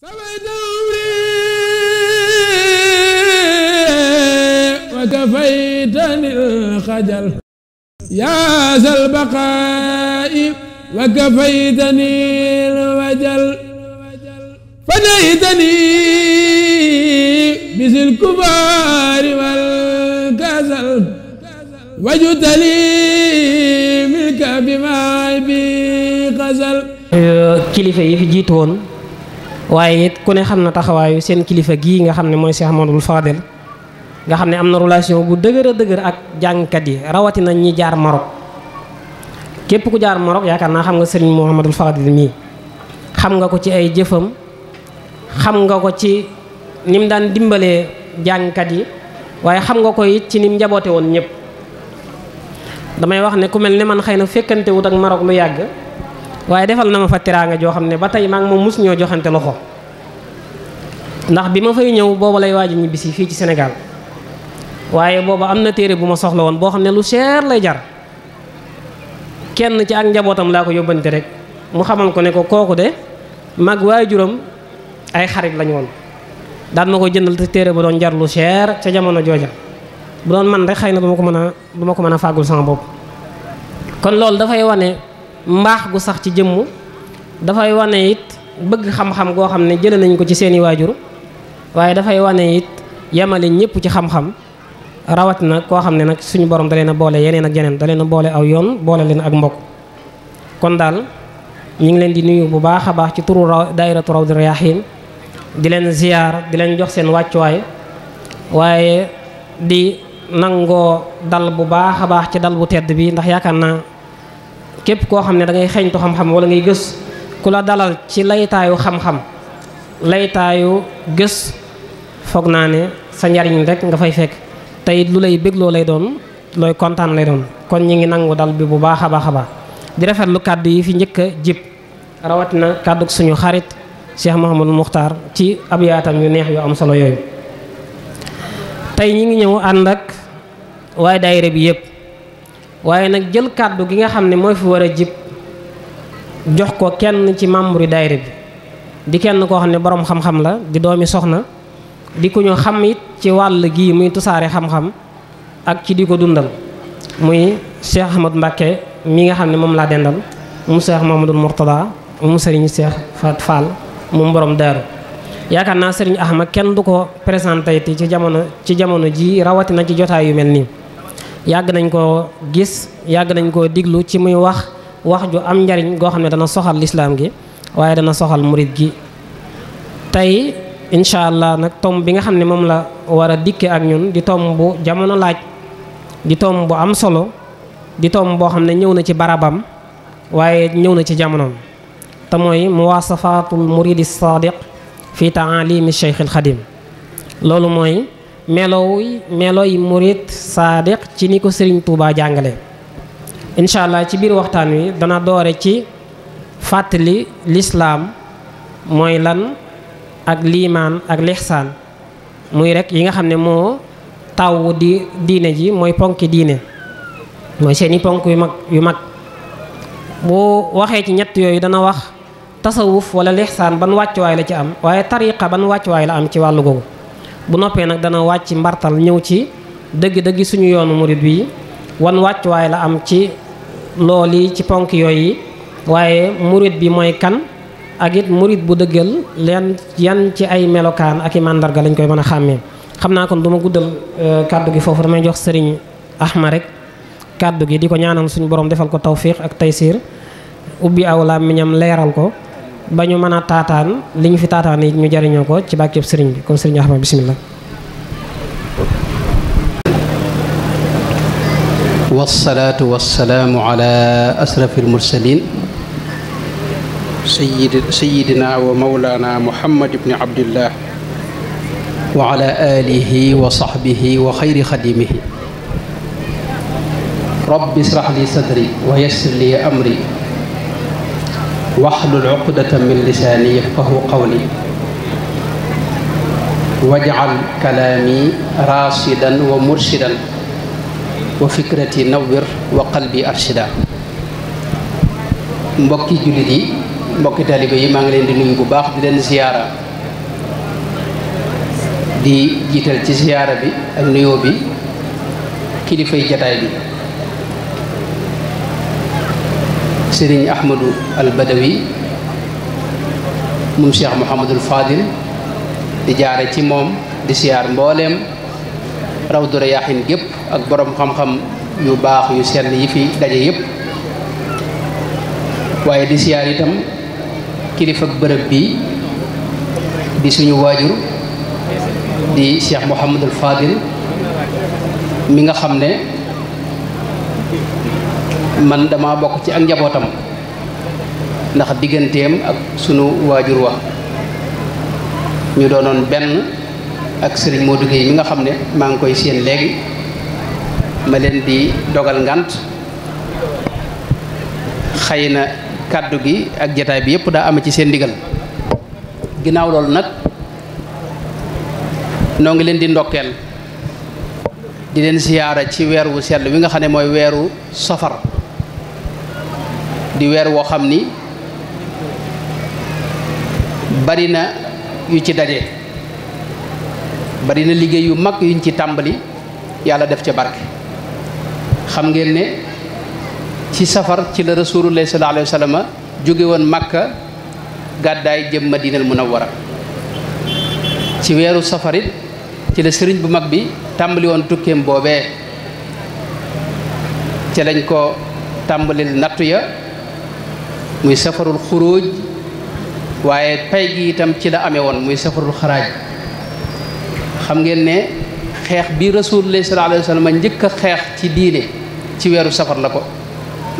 سوى دوري وكفيتني الخجل يا ذا البقاء وكفيتني الوجل فديتني بذي الكبار والكسل وجدت لي ملك بما بي غزل kilifa yi waaye it ku ne xam na taxawaayu seen kilifa gii nga xam ne mooy Cheikh Ahmadul Fadel nga xam ne am na relation bu dëgër a dëgër ak jàngkat yi rawatina ñi jaar Maroc képp ku jaar Maroc yaakaar naa xam nga sëriñ Mouhamadul Fadel mii xam nga ko ci ay jëfam xam nga ko ci ni daan dimbalee jàngkat yi waaye xam nga ko it ci ni njaboote woon ñëpp damay wax ne ku mel ne man xëy na fekkante wut ak Maroc lu yàgg waaye defal na ma fa joo xam ne ba tey maa ngi moom mus ñoo joxante loxo ndax bi ma fay ñëw booba lay waaj a ñibbisi fii ci Sénégal waaye booba am na bu ma soxla woon boo xam ne lu cher lay jar kenn ci ak njabootam laa ko yóbbante rek mu xamal ko ne ko kooku de mag waajuram ay xarit lañ woon daan ma ko jëndal te téere bu doon jar lu cher ca jamono jooja bu doon man rek xëy na du ma ko mën a sama bopp kon loolu dafay wane mbaax gu sax ci jëmm dafay wane it bëgg xam-xam goo xam ne jële nañ ko ci seeni waajur waaye dafay wane it yemale ñëpp ci xam-xam rawat na koo xam ne nag suñu borom da leen a boole yeneen ak yeneen da leen a boole aw yoon boole leen ak mbokk kon daal ñu ngi leen di nuyu bu baax a baax ci turu raw daayiratu Rawdu di leen ziyaar di leen jox seen wàccuwaay waaye di nangoo dal bu baax a baax ci dal bu tedd bi ndax yaakaar naa képp koo xam ne da ngay xeeñtu xam-xam wala ngay gës ku la dalal ci laytaayu xam-xam laytaayu gës foog naa ne sa njariñ rek nga fay fekk tey lu lay bégloo lay doon looy kontaan lay doon kon ñi ngi nangu dal bi bu baax a baax a baax di rafetlu kàddu yi fi njëkk a jib rawatina kàddu suñu xarit Cheikh Mouhamadou mukhtar ci ab yaatam yu neex yu am solo yooyu tey ñi ngi ñëw ànd ak daayira bi yëpp waaye nag jël kàddu gi nga xam ne mooy fi war a jib jox ko kenn ci membre bi di kenn koo xam ne boroom xam-xam la di doomi soxna di ko ñu xam it ci wàll gii muy tusaare xam-xam ak ci di ko dundal muy Cheikh Ahmad Mbacke mi nga xam ne moom laa dendal mu Cheikh Mamadou murtada mu Serigne Cheikh Fat Fall mu borom daaru yaakaar naa Serigne Ahmad kenn du ko présenté ci jamono ci jamono ji rawati na ci jotaay yu mel yàgg nañ ko gis yàgg nañ koo diglu ci muy wax wax ju am njariñ goo xam ne dana soxal lislaam gi waaye dana soxal murit gi tey incha allah nag tom bi nga xam ne moom la war a dikke ak ñun di tomb bu jamono laaj di tomb bu am solo di tom boo xam ne ñëw na ci barabam waaye ñëw na ci jamonoom te mooy muwaasafaatul muridi saadiq fi taalimi cheikh al xadim loolu mooy melow meloy murit saadiq ci ni ko sëriñ Touba jàngale incha allah ci biir waxtaan wi dana doore ci fàttali lislaam mooy lan ak liimaan ak lixsaan muy rek yi nga xam ne moo taw di diine ji mooy ponki diine mooy seeni ponk yu mag yu mag boo waxee ci ñett yooyu dana wax tasawuf wala lixsaan ban wàccuwaay la ci am waaye tariqa ban wàccuwaay la am ci wàllu googu bu noppé nak dana wacc mbartal ñew ci deug deug suñu yoonu mourid bi wan way la am ci loli ci ponk yooyu waye mourid bi moy kan ak it mourid bu dëggal leen yan ci ay melokan ak mandar ga lañ koy mëna xamé xamna kon duma guddal euh, kaddu gi fofu damay jox serigne ahmad rek kaddu gi di ñaanal suñu borom defal ko tawfiq ak taysir ubbi awla miñam leral ko ba ñu mën a taataan li ñu fi taataan yi ñu jariñoo ko ci bàkkeeb sëriñ bi kon sëriñ Ahmad bismillah wasalaatu wasalaamu ala asrafi almursalin sayid sayidina wa mawlana muhammad ibni abdillah wa ala alihi wa sahbihi wa xayri xadimihi rabbi israh li sadri wa yassir li amri واحلل العقدة من لساني يفقه قولي واجعل كلامي راشدا ومرشدا وفكرتي نور وقلبي ارشدا مبكي جلدي مبكي تالي ما ماغي لين دي نوي زياره دي جيتال زياره بي ام نيو بي sëriñ ahmadu al badawi moom cheikh mouhamadul fadil di jaare ci moom di siyaar mbooleem rawdu rayaaxin gépp ak boroom xam-xam yu baax yu sell yi fi daje yépp waaye di siyaar itam kilifa bërëb bi di suñu waajur di cheikh mouhamadul fadil mi nga xam ne man dama bok ci ak njabotam ndax digganteem ak sunu wajur wa ñu donon ben ak serigne Modou gey mi nga xamne ma ngi koy seen léegi ma len di dogal ngant xeyna kaddu gi ak jotaay bi yep da am ci seen digal ginaaw lol nak no ngi len di ndokkeel di len siyaara ci wéru sel wi nga xamne moy wéru safar di weer woo xam ni bari na yu ci daje bari na liggéey yu mag yuñ ci tàmbali yàlla def ca barke xam ngeen ne ci safar ci la rasulullah sallallahu alayhi wa sallam jóge woon makka gàddaay jëm madinal munawwara ci weeru safarit ci la sëriñ bu mag bi tàmbali woon tukkeem boobee ci lañ ko tàmbalil nattu ya muy safarul khuruj waye tay gi itam ci la amé won muy safarul kharaj xam ngeen ne xex bi rasulullah sallallahu alayhi wasallam sallam xex ci diine ci wéru safar lako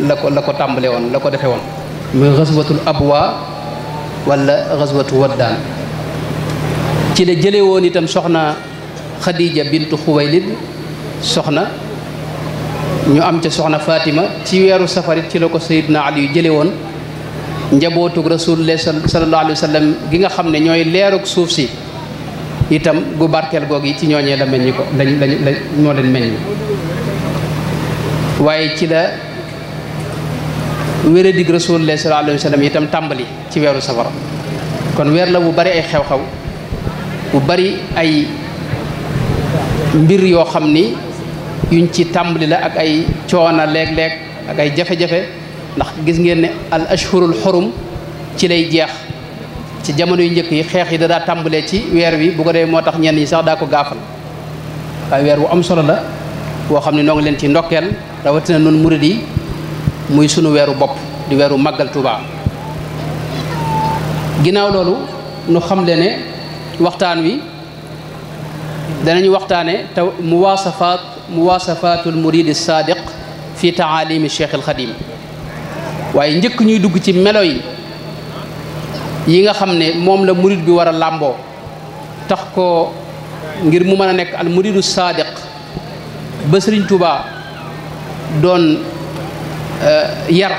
lako lako tàmbale won lako défé won muy ghazwatul abwa wala ghazwatul waddaan ci la jële won itam soxna khadija bint khuwaylid soxna ñu am ci soxna fatima ci wéru safar ci lako sayyidna ali jële won njabootug rasulullah sallallahu alayhi wa sallam gi nga xam ne ñooy leerug suuf si itam gu barkeel goog yi ci ñooñee la meññ ko lañ lañ lañ moo leen meññ waaye ci la wéradig rasulullah sallallahu alayhi wa sallam itam tàmbali ci weeru safara kon weer la bu bari ay xew-xew bu bari ay mbir yoo xam ni yuñ ci tàmbali la ak ay coona léeg-léeg ak ay jafe-jafe ndax gis ngeen ne al ashhurul xurum ci lay jeex ci jamono yu njëkk yi xeex yi da daa tàmbalee ci weer wi bu ko dee moo tax ñenn ñi sax daa ko gaafal waaye weer wu am solo la boo xam ne noo ngi leen ci ndokkeel rawatina noonu murid yi muy sunu weeru bopp di weeru màggal Tuubaa ginnaaw loolu nu xam le ne waxtaan wi danañu waxtaane taw muwaasafaat muwaasafaatu al muridi saadiq fi taalimi cheikh al xadim waaye njëkk ñuy dugg ci melo yi yi nga xam ne moom la murid bi war a làmboo tax ko ngir mu mën a nekk al muridu saadiq ba sëriñ Tuubaa doon euh, yar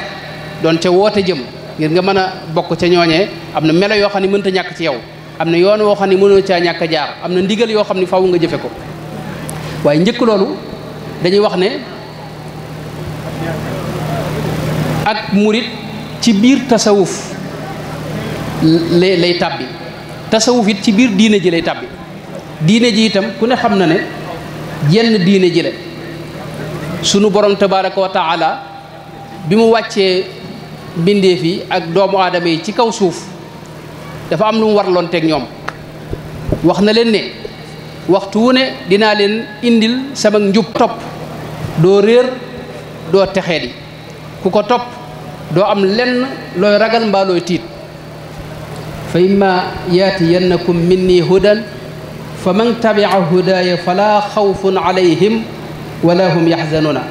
doon ca woote jëm ngir nga mën a bokk ca ñooñee am na melo yoo xam ne mënta ñàkk ci yow am na yoon woo xam ne mënoo caa ñàkk a jaar am na ndigal yoo xam ne faaw nga jëfe ko waaye njëkk loolu dañuy wax ne ak murit ci biir tasawuf lay lay tàbbi tasawuf ci biir diine ji lay tàbbi diine ji itam ku ne xam na ne jenn diine ji la sunu borom tabaraka wa bi mu wàccee mbindeef yi ak doomu aadama yi ci kaw suuf dafa am lu mu warloon teg ñoom wax na leen ne waxtu wu ne dinaa leen indil samak njub topp doo réer doo texee di ku ko topp doo am lenn looy ragal mbaa tiit fa imma yaatiyannakum minni hudan fa man tabica hudaaya fala xawfun alayhim wala hum yaxzanuuna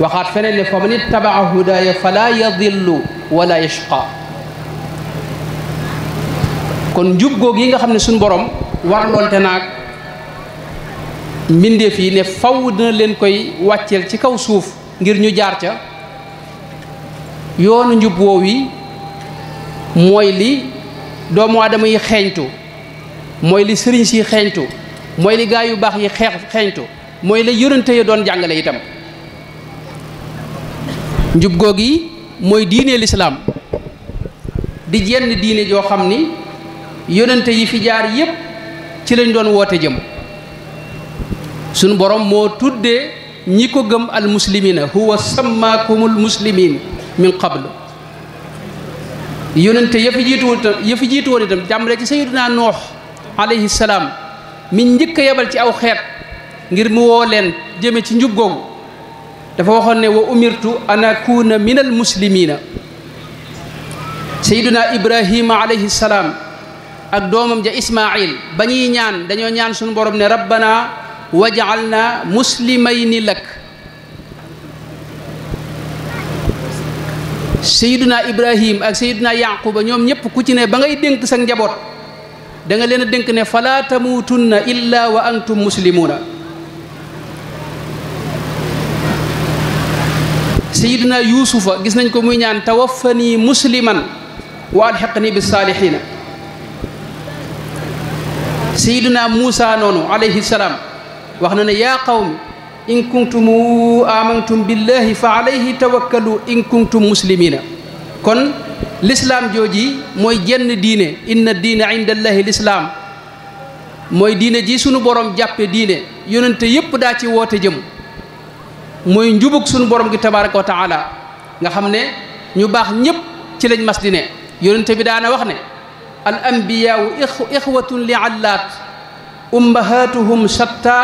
waxaat feneen ne fa man ittabaca hudaaya fala yadillu wala yashqa kon njub goog yi nga xam ne suñu borom waraloonte naag mbindeef yi ne faw dina leen koy wàcceel ci kaw suuf ngir ñu jaar ca yoonu njub woow yi mooy li doomu aadama yi xeeñtu mooy li sëriñ si xeeñtu mooy li gaa yu baax yi xeex xeeñtu mooy la yërënte ya doon jàngale itam njub googu yi mooy diine lislaam di jenn diine joo xam ni yonente yi fi jaar yépp ci lañ doon woote jëm sunu borom moo tuddee ñi ko gëm al muslimina huwa sammaakumul muslimin من قبل يونت يفي جيتو يفي جيتو ري سيدنا نوح عليه السلام من نيك يبال تي او خيت غير مو ولن جيمي تي نجوب غوغ دا فا ان اكون من المسلمين سيدنا ابراهيم عليه السلام اك دومم جا اسماعيل باني نيان دانيو نيان سون بوروم ربنا وجعلنا مسلمين لك sayiduna ibrahim ak sayiduna yaquba ñoom ñëpp ku ci ne ba ngay dénk sa njaboot danga leen a dénk ne falaa tamuutunna illa wa antum muslimuuna sayiduna yuusufa gis nañ ko muy ñaan tawaffani musliman wa alxiqni bi saalixiina sayiduna muusa noonu alayhi salaam wax na ne yaa qawmi in kuntum amantum billahi fa alayhi tawakkalu in kuntum kon lislaam jooji mooy jenn diine inna diine inda lislaam mooy diine ji sunu borom jàppe diine yonente yépp daa ci woote jëm mooy njubug sunu borom gi tabaraka wa taala nga xam ne ñu baax ñépp ci lañ mas di ne yonente bi daana wax ne al anbiyaau ixwatun li allaat ummahatuhum shatta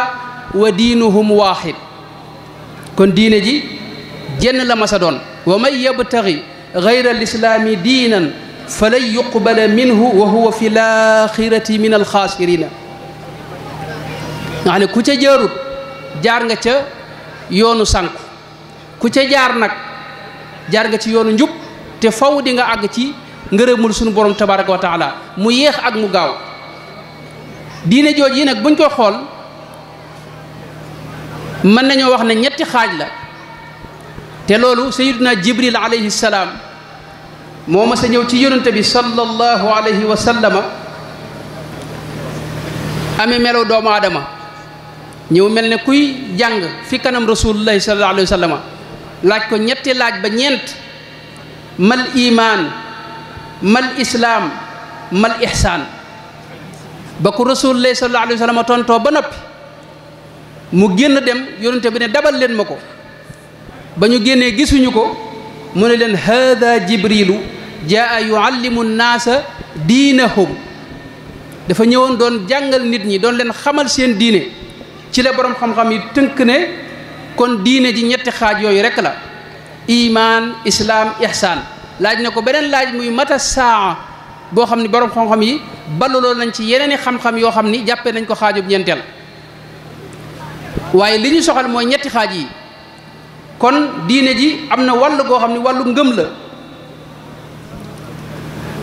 ودينهم واحد كون دين جي جن لا مسا ومن يبتغي غير الاسلام دينا فلن يقبل منه وهو في الاخره من الخاسرين يعني كوتا جارو جارغا تي يونو سانكو كوتا جار نك جارغا تي يونو نجوب تي فاو ديغا اغ تي نغرمول سونو بوروم تبارك وتعالى مو ييخ اك مو غاو دين جوجي نك بون خول من نيو واخ نيتي خاج لا تي لولو سيدنا جبريل عليه السلام موما سا نيو تي يونت بي صلى الله عليه وسلم امي ميرو دوما ادمه نيو ملني كوي جانغ في كانم رسول الله صلى الله عليه وسلم لاج كو نيتي لاج با نينت ما الايمان ما الاسلام ما الاحسان بكو رسول الله صلى الله عليه وسلم تونتو بنوبي mu génn dem yonente bi ne dabal leen ma ko ba ñu génnee gisuñu ko mu ne leen haada jibrilu jaa yuallimu naasa diinahum dafa ñëwoon doon jàngal nit ñi doon leen xamal seen diine ci la borom xam-xam yi tënk ne kon diine ji ñetti xaaj yooyu rek la iman islaam ihsaan laaj na ko beneen laaj muy mata saa boo xam ni borom xam-xam yi ballooloo nañ ci yeneen i xam-xam yoo xam ni jàppe nañ ko xaajub ñeenteel waaye li ñu soxal mooy ñetti xaaj yi kon diine ji am na wàll goo xam ne wàllu ngëm la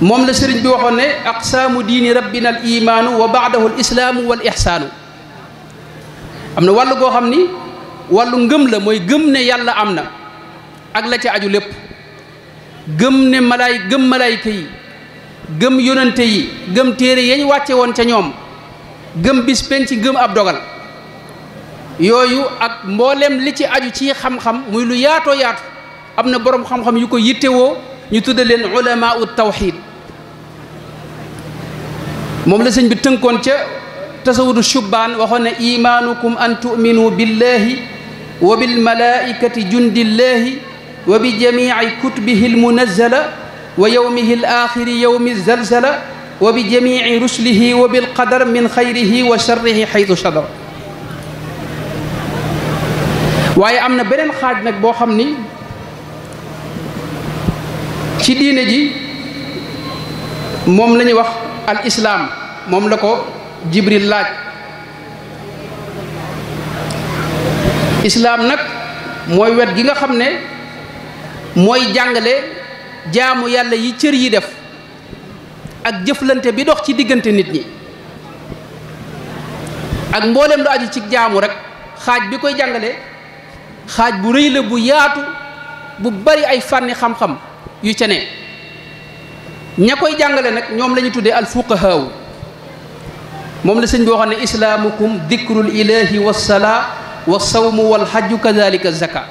moom la sëriñ bi waxoon ne aqsaamu diini rabbina al imaanu wa baadahu al islaamu wal ixsaanu am na wàll goo xam ni wàllu ngëm la mooy gëm ne yàlla am na ak la ca aju lépp gëm ne malaay gëm malaayka yi gëm yonante yi gëm téere yañ wàcce woon ca ñoom gëm bis ci gëm ab dogal yoyu ak mbollem li ci aju ci xam-xam muy lu yaato yaatu amna borom xam-xam yu ko wo ñu tudde len ulama ut tawhid mom la sëñ bi tënkoon ci tasawudu shubban waxone imanukum an tu'minu billahi wa bil malaikati jundillahi wa bi jami'i kutubihi al munazzala wa yawmihi yowmihi alaxiri yowmi zalzala wa bi jami'i rusulihi wa bil qadar min khayrihi wa sharrihi haythu chadara waaye am na beneen xaaj nag boo xam ni ci diine ji moom lañuy wax al islaam moom la ko jibril laaj islaam nag mooy wet gi nga xam ne mooy jàngale jaamu yàlla yi cër yi def ak jëflante bi dox ci diggante nit ñi ak mboolem lu aju ci jaamu rek xaaj bi koy jàngale xaj bu rëy la bu yaatu bu bari ay fànni xam-xam yu ci ne ñakoy jàngale nak ñom lañu tuddé al fuqaha mom la sëñ bo xamné islamukum dhikrul ilahi was sala was sawm wal hajj kadhalika zakka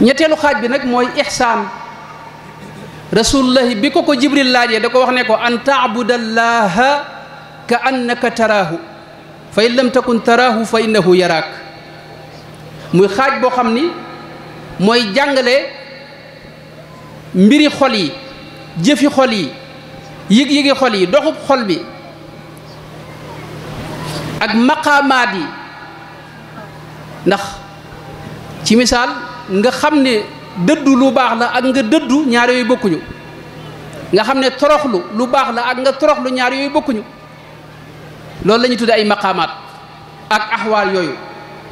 ñettelu xaj bi nak moy ihsan rasulullahi bi ko ko jibril laaje da ko wax ne ko an taabudallaha ka annaka taraahu fa in lam takun tarahu fa innahu yaraak muy xaaj boo xam ni mooy jàngale mbiri xol yi jëfi xol yi yég yëgi xol yi doxub xol bi ak maqaamaat yi ndax ci misaal nga xam ne dëddu lu baax la ak nga dëddu ñaar yooyu bokkuñu nga xam ne toroxlu lu baax la ak nga toroxlu ñaar yooyu bokkuñu loolu lañuy ñuy ay maqaamaat ak axwaal yooyu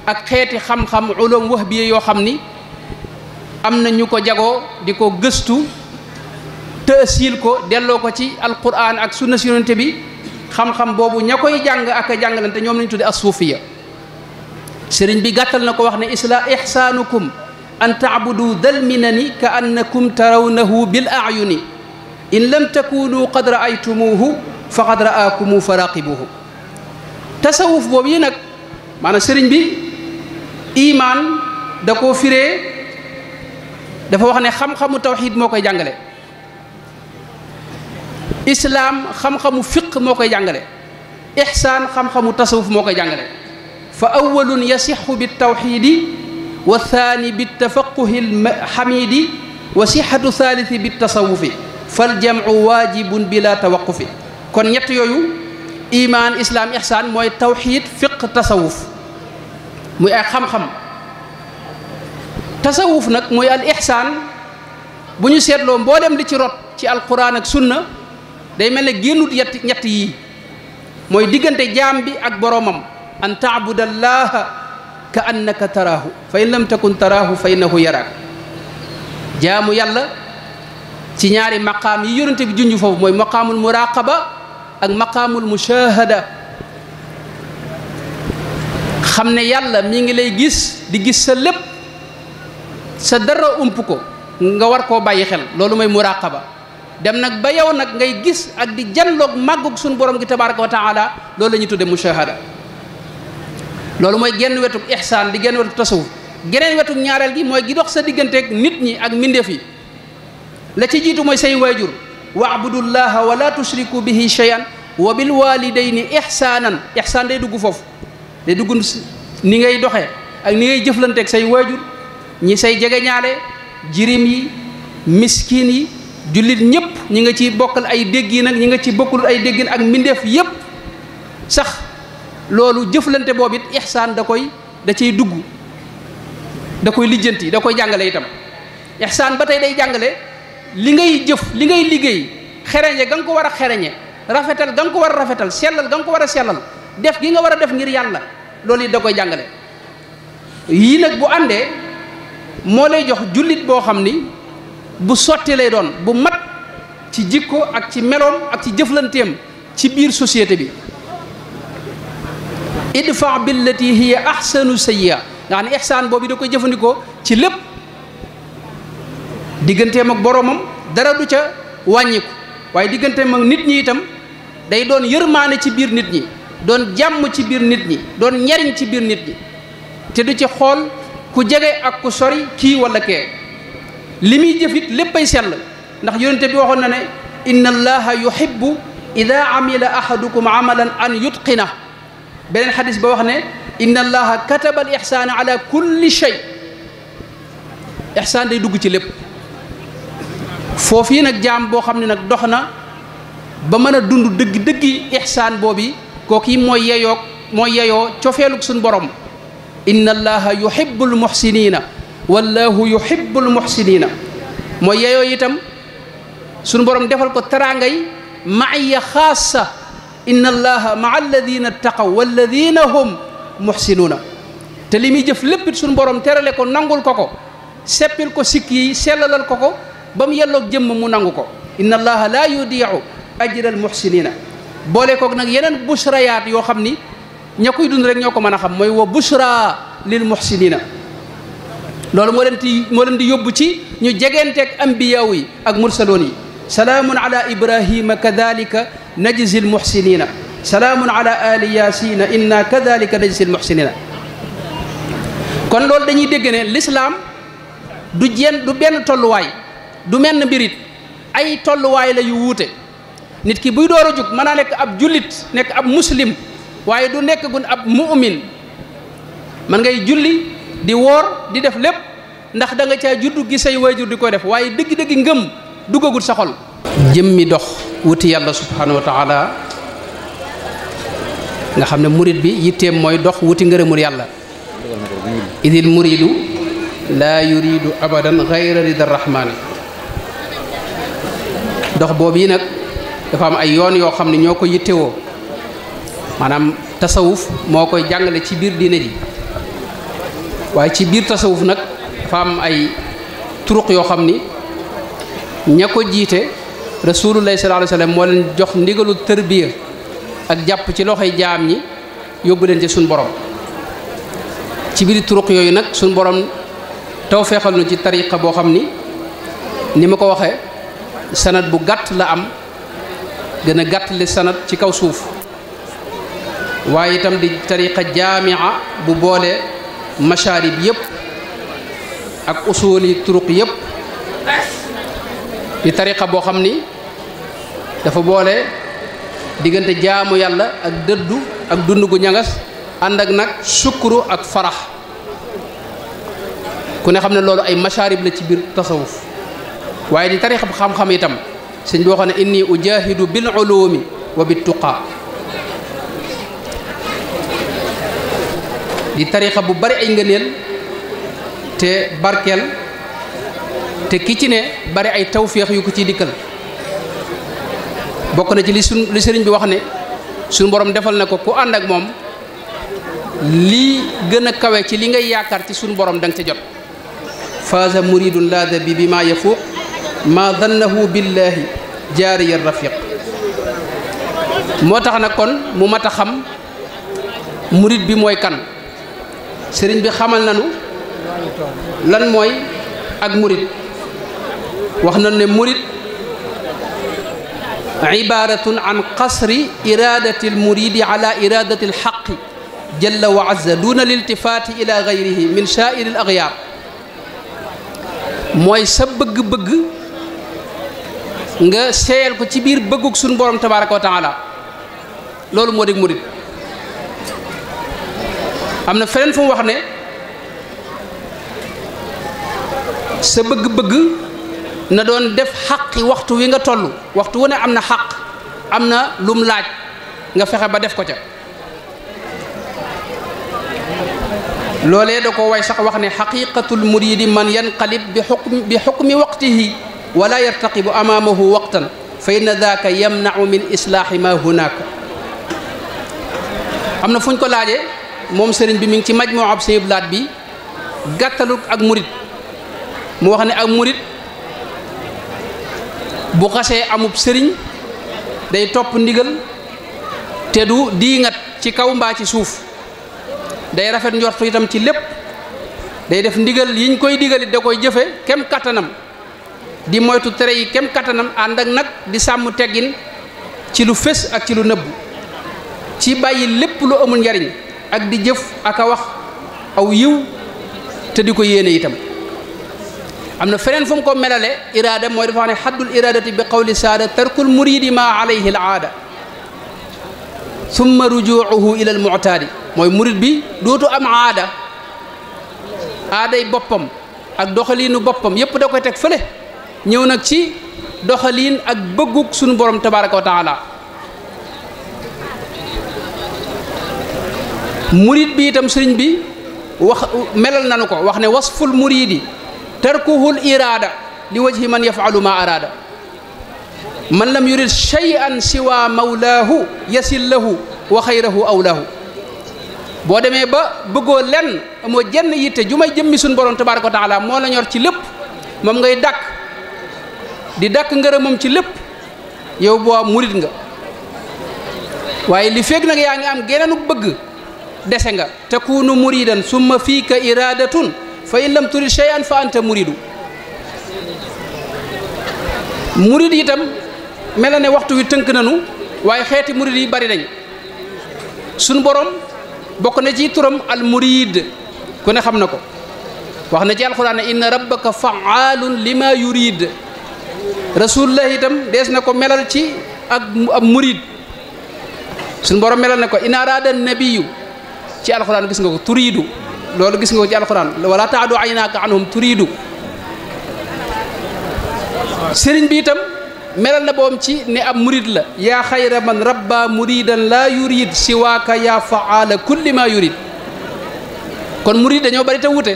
ak xeeti xam-xam ulum wax bi yoo xam ni am na ñu ko jagoo di ko gëstu tësil ko delloo ko ci alquran ak sunna si bi xam-xam boobu ña koy jàng ak a jàngalante ñoom lañu tudde as-suufiya sëriñ bi gàttal na ko wax ne isla ihsaanukum an taabudu dal minani ka annakum tarawnahu bil ayuni in lam takunu qad raaytumuhu faqad raakumu faraqibuhu tasawuf boobu yi nag maanaam sëriñ bi iman da koo firee dafa wax ne xam-xamu tawhid mo koy jàngale islam xam-xamu fiqh mo koy jàngale ihsan xam-xamu tasawuf mo koy jàngale fa awwalun yasihhu bit tawhid wa thani bit tafaqquh al lxamidi wa sihhatu thalith bit tasawuf fal jam'u wajibun bila tawaqquf kon ñet yoyu iman islam ihsan moy tawhid fiqh tasawuf muy ay xam-xam tasawuf nak muy al ihsan buñu setlo mbolem li ci rot ci qur'an ak sunna day melni génnut yatt ñatt yi moy digënté jaam bi ak boromam an ta'budallaha ka'annaka tarahu fa in lam takun tarahu fa innahu yarak jaamu yàlla ci ñaari maqam yi yoonte bi junju fofu moy maqamul muraqaba ak maqamul mushahada xamne yalla mi ngi lay gis di gis sa lepp sa dara ump ko nga war ko bayyi xel lolou moy muraqaba dem nak ba yow nak ngay gis ak di jallok maguk sun borom gi tabaraka wa taala lolou lañu tudde mushahada lolou moy genn wetuk ihsan di genn wetuk tasawuf geneen wetuk ñaaral gi moy gi dox sa ak nit ñi ak minde fi la ci jitu moy say waajur wa'budullaha wa la tushriku bihi shay'an wa walidayni ihsanan ihsan day dugg fofu day dugun ni ngay doxé ak ni ngay ak say wajur ñi say ñaalé jirim yi miskin yi julit ñëpp ñi nga ci bokkal ay déggin nak ñi nga ci bokkul ay déggin ak mindeef yépp sax lolu jëflanté bobit ihsan da koy da cay dugg da koy lijeenti da koy jàngalé itam ihsan batay day jàngalé li ngay jëf li ngay liggéey gang ko wara rafetal gang ko wara rafetal sellal gang ko wara def gi nga war a def ngir yàlla loolu it da koy jàngale yii nag bu àndee moo lay jox jullit boo xam ni bu sotti lay doon bu mat ci jikko ak ci meloom ak ci jëflanteem ci biir société bi idfa billati hiya ahsanu sayyi'a nga xam ne boobu da koy jëfandikoo ci lépp digganteem ak boroomam dara du ca wàññiku waaye digganteem ak nit ñi itam day doon yërmaane ci biir nit ñi don jàmm ci bir nit ñi don ñariñ ci bir nit ñi te du ci xol ku jégué ak ku sori ki wala ké limi jëfit léppay sel ndax yoonte bi waxon na ne inna allaha yuhibbu idha amila ahadukum amalan an yutqina benen hadith ba wax ne inna allaha kataba al ihsaana ala kulli shay ihsan day dugg ci lépp fofu nak jam bo xamni nak doxna ba meuna dundu deug deug ihsan ihsaan kooku mooy yeyoog mooy yeyoo cofeelug suñ borom inna allaha yuhibbu almuhsinina wallahu yuhibbu almuhsinina mooy yeyoo itam suñ borom defal ko teraangay maaya xaasa inna allaha maa alladina taqaw walladina hum muhsinuuna te li muy jëf lépp it suñ borom terale ko nangul ko ko seppil ko sikk yi sellalal ko ko ba mu yelloog jëmm mu nangu ko inna allaha la yudiicu ajra almuhsinina boole koog nag yeneen bushrayaat yoo xam ni ñakkuy koy dund rek ñoo ko mën a xam mooy wa bushra lil muhsinina loolu moo leen di moo leen di yóbbu ci ñu jegeenteeg ambiyaaw yi ak mursaloon yi salaamun ala ibrahima kadalika najzi l muhsinina salaamun ala ali yasina inna kadalika najzi l muhsinina kon loolu dañuy dégg ne l'islaam du jenn du benn tolluwaay du menn mbirit ay tolluwaay la yu wuute nit ki buy door a jóg mën naa nekk ab jullit nekk ab muslim waaye du nekk gun ab mu'min man ngay julli di woor di def lépp ndax danga nga caa juddu gi say waajur di ko def waaye dëgg-dëgg ngëm duggagul sa xol jëmmi dox wuti yàlla subhanahu wa nga xam ne murid bi yitteem mooy dox wuti ngërëmul yàlla idil muridu laa yuridu abadan gayra rida rahmaani dox boobu yi nag dafa am ay yoon yoo xam ne ñoo ko yittewoo maanaam tasawuf moo koy jàngale ci biir diine ji waaye ci biir tasawuf nag dafa am ay turuq yoo xam ni ña ko jiite rasulullah sallallahu alayhi wasallam moo leen jox ndigalu tërbiya ak jàpp ci loxoy jaam yi yóbbu leen ci suñ boroom ci biir turuq yooyu nag suñ borom taw feexal nu ci tariqa boo xam ni ni ma ko waxee sanad bu gàtt la am gën a gàttali sanat ci kaw suuf waaye itam di jaami a bu boole masharib yëpp ak usuli turuq yëpp di tarixa boo xam ni dafa boole diggante jaamu yàlla ak dëddu ak dund gu ñangas ànd ak nag sukuru ak farax ku ne xam ne loolu ay masharib la ci biir tasawuf waaye di tariqa xam-xam itam sëñ bi waxoon ne inni ujahidu bil ulumi wa bit tuqa di tarixa bu bari ay ngëneel te barkeel te ki ci ne bari ay tawféex yu ko ciy dikkal bokk na ci li sun sëriñ bi wax ne suñu borom defal na ko ku ànd ak moom li gën a kawe ci li ngay yaakaar ci suñu borom danga nga ca jot faaza muridun laada bi bi maa ما ظنه بالله جاري الرفيق موتاخ نكون مو متا خم مريد بي موي كان سيرن بي خمال نانو لان موي اك مريد واخنا ن مريد عباره عن قصر اراده المريد على اراده الحق جل وعز دون الالتفات الى غيره من سائر الاغيار موي سا بغ بغ nga seeyal ko ci biir bëggug suñu borom tabaaraka wa taala loolu moo di murit am na feneen fu mu wax ne sa bëgg-bëgg na doon def xaqi waxtu wi nga toll waxtu wu ne am na xaq am na lum laaj nga fexe ba def ko ca loolee da ko way sax wax ne mu xaqiqatul di man yanqalib bi xukmi bi xukmi waqtihi wala yartaqibu amaamahu waqtan fa na daaka yamnau min islaahi ma hunaaka am na fuñ ko laajee moom sëriñ bi mu ngi ci majmoo ab sëñ bi gàttalu ak murit mu wax ne ak murit bu xasee amub sëriñ day topp ndigal te du diingat ci kaw mbaa ci suuf day rafet njortu itam ci lépp day def ndigal yiñ koy digalit da koy jëfe kem kattanam di moytu tere yi kem kattanam ànd ak nag di sàmm teggin ci lu fés ak ci lu nëbb ci bàyyi lépp lu amul njariñ ak di jëf ak a wax aw yiw te di ko yéene itam am na feneen fu ko melale iraada mooy dafa xam ne xaddul iraadati bi qawli saada tarkul muridi ma alayhi al aada summa rujuuhu ila al mu'taadi mooy murid bi dootu am aada aaday boppam ak doxaliinu boppam yépp da ko teg fële ñëw nag ci doxaliin ak bëggug sunu borom tabaraka wa taala murid bi itam sëriñ bi wax melal nanu ko wax ne wasful muridi tarkuhul iraada li wajhi man yafalu ma araada man lam yurid shay'an siwa mawlaahu yasil lahu wa xayrahu awlaahu boo demee ba bëggoo lenn amoo jenn yitte ju may jëmmi suñu borom tabaraka wa taala moo la ñor ci lépp moom ngay dàkk di dàkk ngërëmam ci lépp yow boo murit nga waaye li fekk nag yaa ngi am geneenu bëgg dese nga takunu muridan summa fiika iradatun fa in lam turid shay'an fa anta muridu murid itam mel na ne waxtu wi tënk nanu waaye xeeti murid yi bari nañ sunu borom bokk na ci turam al murid ko ne xam na ko wax na ci alxuraan ne inna rabbaka faalun lima yurid rasulullah itam dees na ko melal ci ak ab murid suñu borom melal na ko in araada nabiyu ci alxuraan gis nga ko turiidu loolu gis nga ko ci alxuraan wala taadu aynaaka anhum turiidu sëriñ bi itam melal na boom ci ne ab murid la yaa xayra man rabba muridan laa yurid siwaaka yaa faala kulli ma yurid kon murid dañoo bari te wute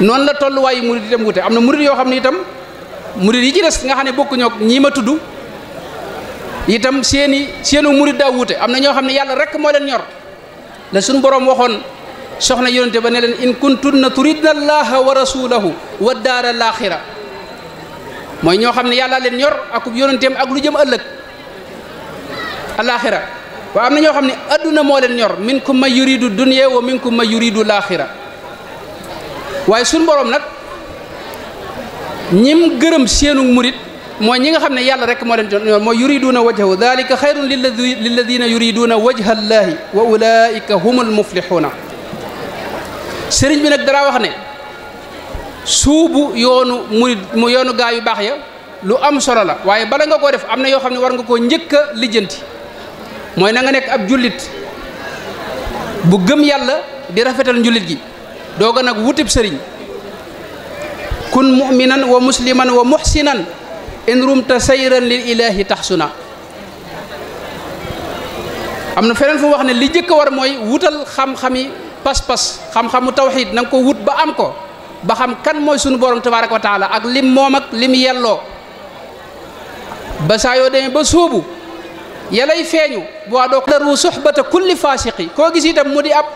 noonu la tolluwaayu murid itam wute am na murid yoo xam ne itam murid yi ci des nga xam ne bokkuñoo ñii ma tudd seeni seenu murid daa wuute am na ñoo xam ne yàlla rek moo leen ñor la suñu borom waxoon soxna yonente ba ne leen in kuntunna turidna allaha wa rasulahu wa daara laaxira mooy ñoo xam ne yàlla leen ñor akub yonenteem ak lu jëm ëllëg alaaxira waaw am na ñoo xam ne adduna moo leen ñor minkum ma yuridu dunya wa minkum ma yuridu laaxira waaye suñu borom nag ñim gërëm seenu murit mooy ñi nga xam ne yàlla rek moo leen doon ñoom mooy yuriduuna wajhahu dalika xayrun lilladina yuriduuna wajha allaahi wa ulaika humul muflixuuna sëriñ bi nag dara wax ne suubu yoonu murit mu yoonu gaa yu baax ya lu am solo la waaye bala nga koo def am na yoo xam ne war nga koo njëkk a lijjanti mooy na nga nekk ab jullit bu gëm yàlla di rafetal njullit gi dooga nag wutib sëriñ kun mu'minan wa musliman wa muhsinan in rumta sayran lil ilahi tahsuna amna fenen fu wax ne li jëkk war moy wutal xam-xami pas-pas xam-xamu tawhid nang ko wut ba am ko ba xam kan moy sunu borom tabarak wa taala ak lim mom ak lim yello ba saa yoo ba suubu yalay feñu bu do ko daru suxbata kulli fasiqi ko gis itam mudi ab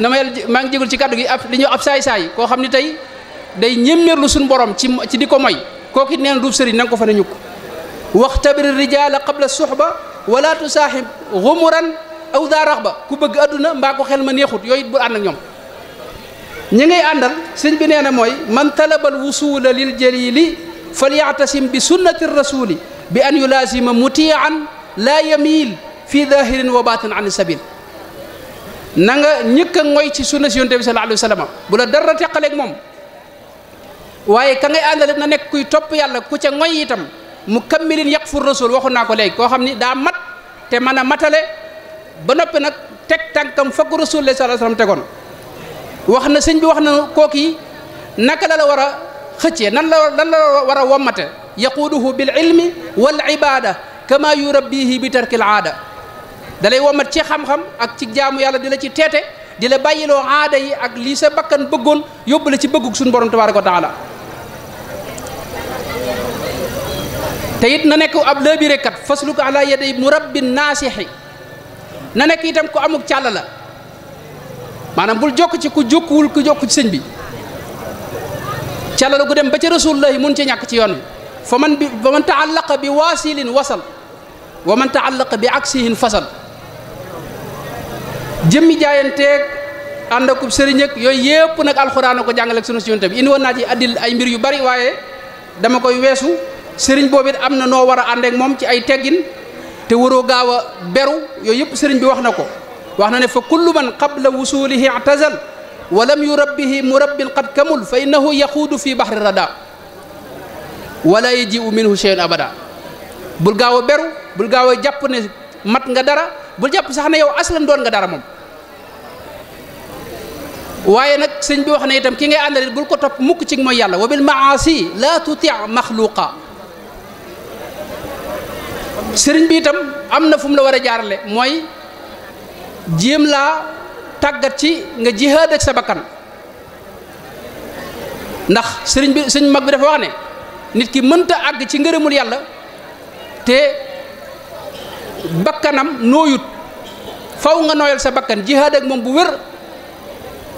na ma yàlla maa ci kaddu gi ab liñu ab say say ko xamni tay day ñemmeerlu suñu borom ci ci di ko moy kooku it nee na duub sëriñ na ko fa ne ñukk waxtabir rijaala qabla suxba wala tusaaxib xumuran aw daa ba ku bëgg adduna mbaa ko xel ma neexut yooyu bu ànd ak ñoom ñi ngay àndal sëñ bi nee na mooy man talabal wusuula lil jalili falyactasim bi sunnati rasuli bi an yulaasima mutian laa yamiil fi dahirin wa batin an sabil na nga ñëkk a ngoy ci sunna si yonte bi sallallahu alayhi wa sallam bu la dara teqaleeg moom waaye ka ngay àndale na nekk kuy topp yàlla ku ca ngoy itam mu kammilin yaqfur rasul waxu naa ko léegi koo xam ni daa mat te mën a matale ba noppi nag teg tànkam fakk rasul la sallallahu alayhi tegoon wax na sëñ bi wax na kooki naka la la war a xëccee nan la nan la war a wommate yaquuduhu bil ilmi wal ibada kama yurabbihi bi tarkil aada dalay womat ci xam-xam ak ci jaamu yàlla di ci teete di la bàyyiloo aada yi ak lii sa bakkan bëggoon yóbbu la ci bëggug suñu borom tabaraka wa taala te it na nekk ab laabirekat faslu ko ala yaday murabbin naasixi na nekk itam ku amuk càll la maanaam bul jokk ci ku jokkuwul ku jokk ci sëñ bi càll ku dem ba ca rasulullahi mun ci ñàkk ci yoon wi fa man bi fa man taallaqa bi waasilin wasal wa man taallaqa bi aksihin fasal jëmmi jaayanteeg ànd akub sëriñ ak yooyu yëpp nag alxuraan a ko jàngale ak sunu si yonte bi indi woon naa ci addil ay mbir yu bari waaye dama koy weesu sëriñ boobu it am na noo war a ànd moom ci ay teggin te waroo gaaw a beru yooyu yëpp sëriñ bi wax na ko wax na ne fa kullu man qabla wusulihi i'tazal wa lam yurabbihi murabbin qad kamul fa innahu yaxuudu fi bahri rada wala yaji'u minhu shay'un abada bul gaaw a beru bul gaaw jàpp ne mat nga dara bul jàpp sax na yow aslan doon nga dara moom waaye nag sëñ bi wax ne itam ki ngay àndal it bul ko topp mukk ci mooy yàlla wa bil maasi la tuti maxluqa sëriñ bi itam am na fu la war a jaarale mooy jéem laa tàggat ci nga jihaad ak sa bakkan ndax sëriñ bi sëriñ mag bi dafa wax ne nit ki mënta àgg ci ngërëmul yàlla te bakkanam nooyut faw nga nooyal sa bakkan jihaad ak moom bu wér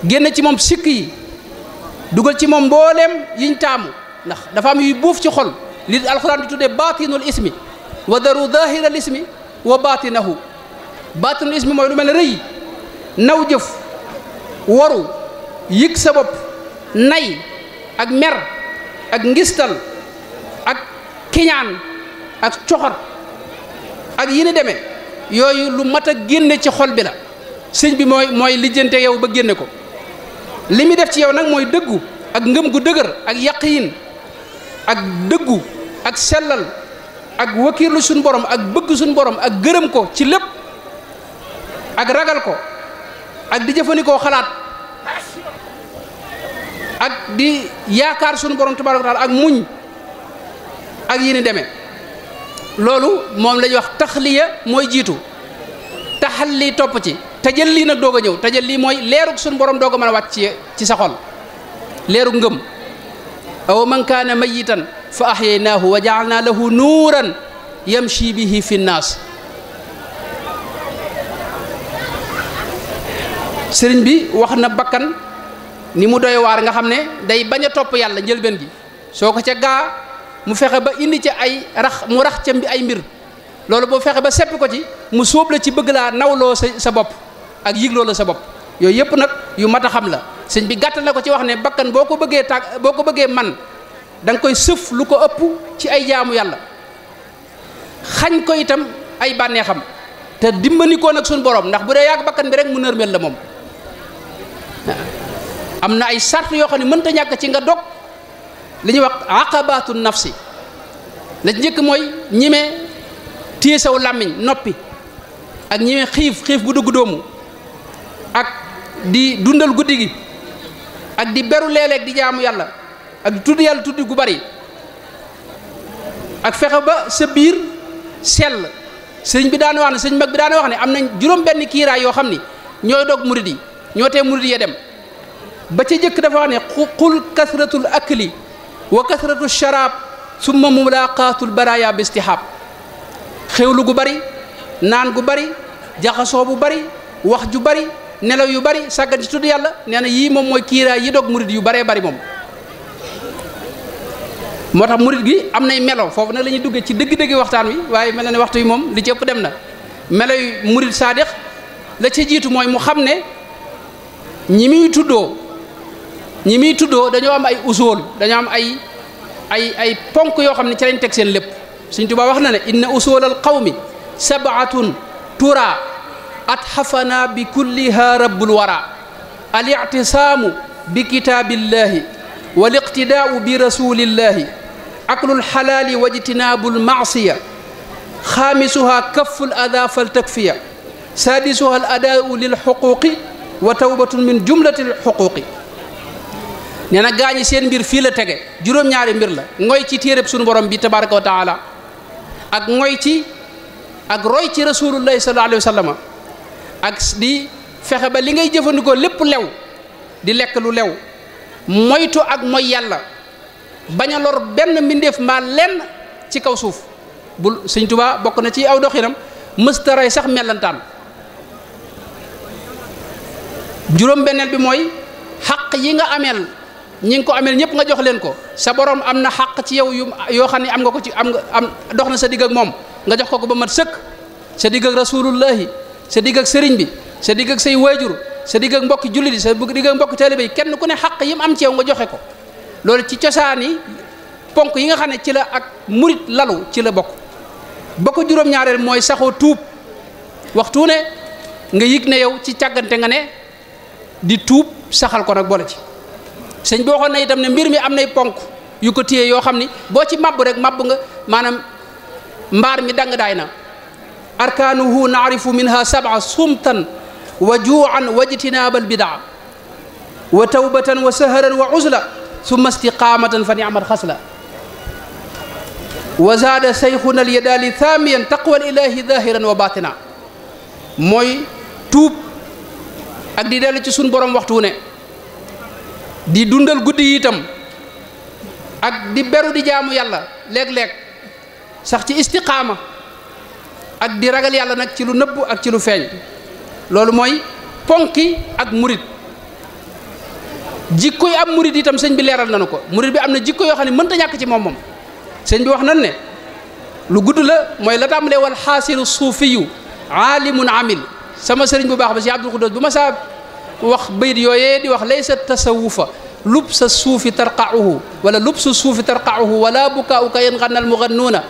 génn ci moom sikk yi dugal ci moom mbooleem yiñ taamu ndax dafa am yuy buuf ci xol li alxuraan di tuddee baatinul ismi وذروا ظاهر الاسم وباطنه باطن الاسم mooy lu mel ne rëy naw jëf waru yëg sa bopp nay ak mer ak ngistal ak kiñaan ak coxor ak yi ni demee yooyu lu mat a génne ci xol bi la sëñ bi mooy mooy lijjante yow ba génne ko li muy def ci yow nag mooy dëggu ak ngëm gu dëgër ak yaqiin ak dëggu ak sellal ak wakirlu suñ borom ak bëgg suñ borom ak gërëm ko ci lépp ak ragal ko ak di jëfandikoo xalaat ak di yaakaar suñ borom tabaaraka daal ak muñ ak yinu deme loolu moom la ñuy wax taxliya mooy jiitu taxal lii topp ci tajal lii nag doog a ñëw tajal lii mooy leerug suñu borom doog a mën a wat ci sa xol leerug ngëm aw man kaana mayitan fa ahyaynahu wa ja'alna lahu nuran yamshi bihi fin Nas. serign bi waxna bakkan ni mu doy war nga xamne day baña top yalla jël ben gi soko ca ga mu fexé ba indi ci ay rax mu rax ci mbi ay mbir loolu bo fexé ba sepp ko ci mu sóob la ci bëgg la nawlo sa bop ak yiglo la sa bop yoy yep nak yu mata xam la serign bi gatt na ko ci wax ne bakkan boko bëgge bëggee tàgg man danga koy sëf lu ko ëpp ci ay jaamu yàlla xañ ko itam ay bànneexam te dimbali ko nag suñu borom ndax bu dee yàgg bakkan bi rek mu nërmel la moom am na ay sart yoo xam ne mënta ñàkk ci nga dog li ñuy wax aqabatu nafsi la njëkk mooy ñime téye saw làmmiñ noppi ak ñime xiif xiif bu dugg doomu ak di dundal guddi gi ak di beru léeg di jaamu yàlla ak tudd yàlla tudd gu bari ak fexe ba sa biir sell sëñ bi daan wax ne sëñ mag bi daan wax ne am nañ juróom benn kiiraay yoo xam ni ñooy dog murid yi ñoo tee murid dem ba ca jëkk dafa wax ne qul kasratul akli wa kasratu sharaab summa mulaqaatul baraaya bi istihaab gu bari naan gu bari jaxasoo bu bari wax ju bari nelaw yu bari sàggan ci tudd yàlla nee na yii moom mooy kiiraay yi dog murid yu baree bari moom motax mourid gi amnay melo fofu nak la duggé ci deug deug waxtan wi waye mel waxtu yi moom li ci ëpp dem na melay mourid sadiq la ci jitu moy mu xamné ne ñi muy tuddo ñi muy tuddoo dañoo am ay usul dañu am ay ay ay ponk yo xamné ci lañ tek seen lépp Sëñ Tuubaa wax na ne inna usul al qawmi sab'atun tura athafana bi kulliha rabbul wara al i'tisamu bi kitabillahi wal iqtidaau bi rasulillahi أكل الحلال واجتناب المعصية خامسها كف الأذى فلتكفية سادسها الأداء للحقوق وتوبة من جملة الحقوق nee na gaañi seen mbir fii la tege juróom-ñaari mbir la ngoy ci téereb suñu borom bi tabaraka wa taala ak ngoy ci ak roy ci rasulullahi sallallahu alayhi wa sallam ak di fexe ba li ngay jëfandikoo lépp lew di lekk lu lew moytu ak moy yàlla bañ a lor benn mbindeef mbaa lenn ci kaw suuf bul sëñ Tuubaa bokk na ci aw doxinam mësta rey sax mellantaan juróom benneel bi mooy xaq yi nga ameel ñi nga ko ameel ñëpp nga jox leen ko sa borom am na xaq ci yow yu yoo xam ne am nga ko ci am nga am dox na sa digg ak moom nga jox ko ko ba mat sëkk sa digg ak rasulullahi sa digg ak sëriñ bi sa digg ak say waajur sa digg ak mbokki jullit yi sa digg ak mbokki taalibe yi kenn ku ne xaq yi mu am ci yow nga joxe ko loolu ci cosaani ponk yi nga xam ne ci la ak murit lalu ci la bokk bokk ko juróom-ñaareel mooy saxoo tuub waxtu ne nga yëg ne yow ci càggante nga ne di tuub saxal ko nag boole ci sëñ boo xoon na itam ne mbir mi am nay ponk yu ko téye yoo xam ni boo ci màbb rek màbb nga maanaam mbaar mi dang daay na arkaanuhu naarifu minha sab'a sumtan wa juu'an wa ijtinaabal bidaa wa tawbatan wa saharan wa uzla summa istiqaamatan fa niamat xasla wa zaada sayxuna alyadaali thaamiyan taqwa ilaahi zahiran wa batina mooy tuub ak di dellu ci suñ borom waxtu ne di dundal guddi itam ak di beru di jaamu yàlla léeg-léeg sax ci istiqaama ak di ragal yàlla nag ci lu nëbb ak ci lu feeñ loolu mooy ponki ak murit jikko yi am murid itam sëñ bi leeral nañu ko murid bi am na jikko yoo xam ne mënta ñàkk ci moom moom sëñ bi wax nan ne lu gudd la mooy la tàmbalee wal xaasilu suufiyu aalimun amil sama sëriñ bu baax ba si Abdul Xudoos bu ma saa wax bayit yooyee di wax laysa tasawufa lub sa suufi tarqauhu wala lub sa suufi tarqauhu wala bukaauka yan xannal mugannuuna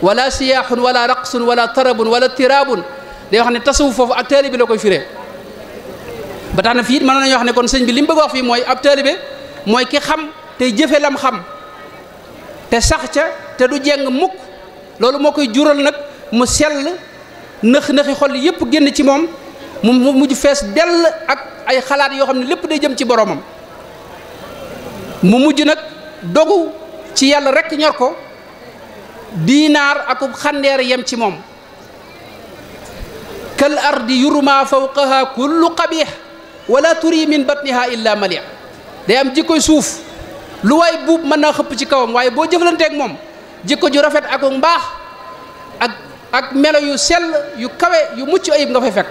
wala siyaaxun wala raqsun wala tarabun wala tiraabun de wax ne tasawuf foofu ak taalibe bi la koy fire ba tax na fii it mën nañu wax ne kon sëñ bi li mu bëgg wax fii mooy ab taalibe mooy ki xam tey jëfe lam xam te sax ca te du jeng mukk loolu moo koy jural nag mu sell nëx-nëxi xol yépp génn ci moom mu mujj fees dell ak ay xalaat yoo xam ne lépp day jëm ci boromam mu mujj nag dogu ci yàlla rekk ñor ko diinaar ak xandeer yem ci moom kal ardi yurma fawqaha kullu qabih wala turi min batniha illa malia day am jikkoy suuf lu waay buub mën naa xëpp ci kawam waaye boo jëflanteeg moom jikko ju rafet ak mbaax ak ak melo yu sell yu kawe yu mucc ayib nga fay fekk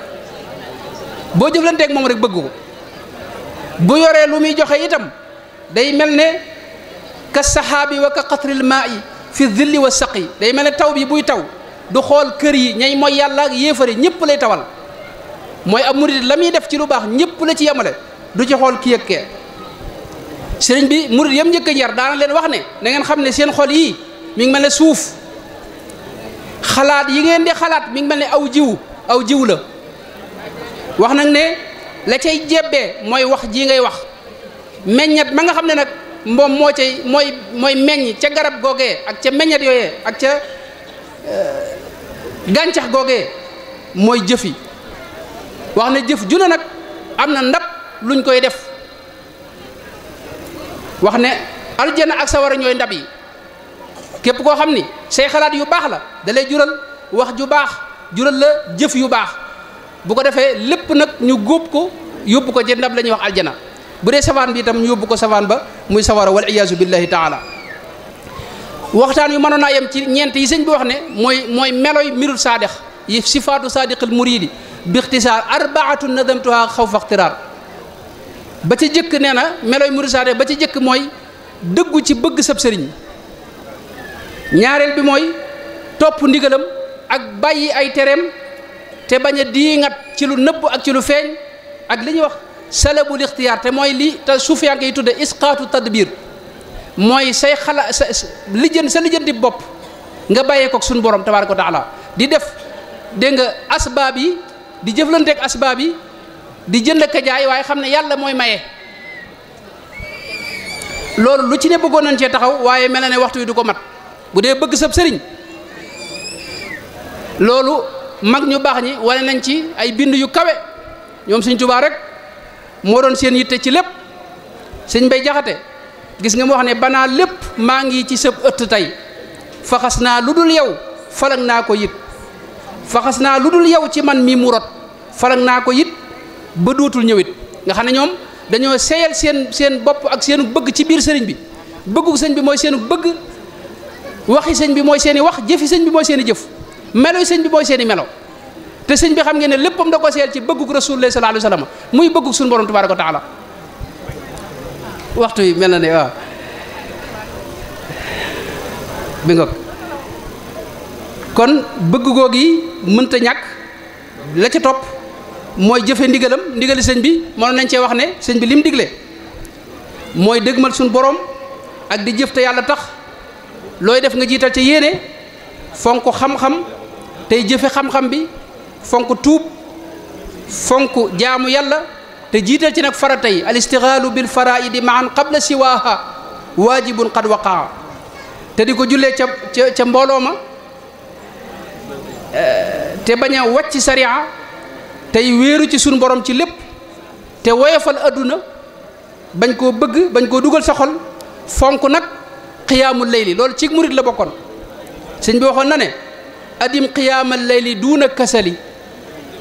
boo jëflanteeg moom rek bëgg ko bu yoree lu muy joxe itam day mel ne ka saxaabi wa ka qatril maa yi fi dilli wa saqi day mel taw bi buy taw du xool kër yi ñay mooy yàlla ak yéefari ñëpp lay tawal mooy am murid la muy def ci lu baax ñëpp la ci yemale du ci xool ki yëg kee sëriñ bi murid yam njëkk a yar daana leen wax ne na ngeen xam ne seen xool yii mi ngi mel ne suuf xalaat yi ngeen di xalaat mi ngi mel ne aw jiw aw jiw la wax nag ne la cay jebbee mooy wax ji ngay wax meññat ma nga xam ne nag moom moo cay mooy mooy meññ ca garab googee ak ca meññat yooyee ak ca euh, gàncax googee mooy jëfi wax ne jëf ju nag am na ndab luñ koy def wax ne aljana ak sawara ñooy ndab yi képp koo xam ni say xalaat yu baax la da lay jural wax ju baax jural la jëf yu baax bu ko defee lépp nag ñu góob ko yóbbu ko ci ndab la ñuy wax aljana bu dee safaan bi itam ñu yóbbu ko safaan ba muy sawara wal iyaasu billahi taala waxtaan yu mënoon naa yem ci ñeent yi sëñ bi wax ne mooy mooy meloy mirul saadex yi sifaatu saadiqil muridi biktisar arba arbaatun nadamtuha khawf fa ixtiraar ba ci jëkk nee na meloy murisaade ba ci jek moy dëggu ci bëgg sab sëriñ ñaareel bi mooy topp ndigalam ak ay terem te bañ di diingat ci lu nëbb ak ci lu feeñ ak li ñuy wax salabul ixtiyaar te mooy li te suufiyanke yi tudde isqaatu tadbir Moy say xala sa lijjën di bop nga baye kok sun borom tabaaraka wa taala di def de nga asbaab di jëflanteeg asbaab yi di jënd ak waaye xam ne yàlla mooy maye loolu lu ci ne bëggoon nañ cee taxaw waaye mel na ne waxtu wi du ko mat bu dee bëgg sab sëriñ loolu mag ñu baax ñi wane nañ ci ay bind yu kawe ñoom Sëñ Tuubaa rek moo doon seen yitte ci lépp sëñ Mbay Jaxate gis nga mu wax ne banaa lépp maa ngi ci sëb ëtt tey faxas naa lu dul yow falang naa ko yit faxas naa lu dul yow ci man mi mu rot Farang na ko yit ba dootul ñewit nga xam ñom dañu seyal seen seen bop ak seen bëgg ci biir sëriñ bi bëggu sëñ bi moy seen bëgg waxi sëñ bi moy seen wax jëfi sëñ bi moy seen jëf melo sëñ bi moy seen melo te sëñ bi xam ngeen ne leppam da ko seyal ci bëggu rasulullah sallallahu alaihi wasallam muy bëggu sun borom tabaraka wa taala waxtu yi mel na ne ah. kon bëgg googi mënta ñàkk la ca topp mooy jëfe ndigalam ndigali sëñ bi mënoon nañ cee wax ne sëñ bi lim digle mooy dëgmal suñ boroom ak di jëf te yàlla tax looy def nga jiital ci yéene fonk xam-xam tey jëfe xam-xam bi fonk tuub fonk jaamu yàlla te jiital ci nag farata yi al istigaalu bil faraidi maan qabla siwaaha waajibun qad waqaa te di ko jullee ca ca ca mbooloo ma eh, te bañ a wàcc sariya tey wéeru ci suñu borom ci lépp te woyofal adduna bañ koo bëgg bañ koo dugal sa fonk nag xiyaamul layli loolu ci murit la bokkoon sëñ bi waxoon na ne adim xiyaamal layli duuna kasali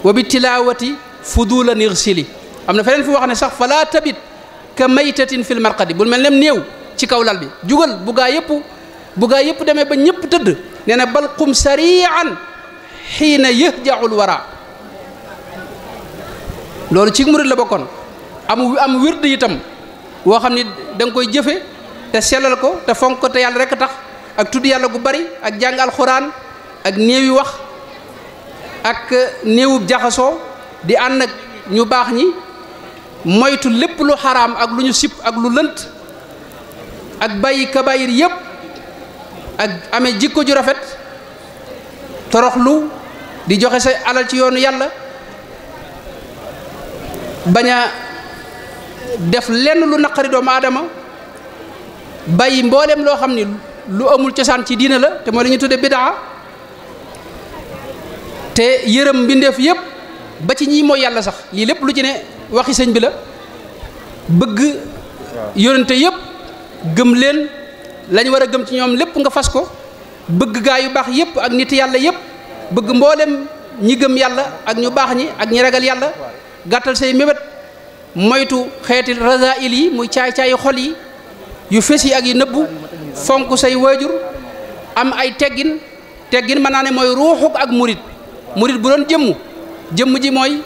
wa bi tilaawati fudula sili am na feneen fu wax ne sax fala tabit ka maytatin fil marqadi bul mel nem néew ci kaw lal bi jugal bu gaa yëpp bu gaa yëpp demee ba ñëpp tëdd nee na bal qum sarian xiina yëhjaul wara loolu ci murit la bokkoon am am wird itam woo xam ni danga koy jëfe te sellal ko te fonk ko te yàlla rek tax ak tudd yàlla gu bari ak jàng alxuraan ak néewi wax ak néewub jaxasoo di ànd ak ñu baax ñi moytu lépp lu xaraam ak lu ñu sipp ak lu lënt ak bàyyi kabaayir yépp ak amee jikko ju rafet toroxlu di joxe sa alal ci yoonu yàlla bañ a def lenn lu naqari doomu aadama bàyyi mbooleem loo xam ni lu amul cosaan ci diina la te mooy la ñu tudde bidaa te yërëm mbindeef yépp ba ci ñii mooy yàlla sax lii lépp lu ci ne waxi sëñ bi la bëgg yonente yépp gëm leen lañu war a gëm ci ñoom lépp nga fas ko bëgg gaa yu baax yépp ak nit yàlla yépp bëgg mbooleem ñi gëm yàlla ak ñu baax ñi ak ñi ragal yàlla gàttal say mébét moytu xeeti rasail yi muy caay-caayi xol yi yu fés yi ak yu nëbbu fonk say waajur am ay teggin teggin mën naa ne mooy ruuxuk ak murit murit bu doon jëmm jëmm ji mooy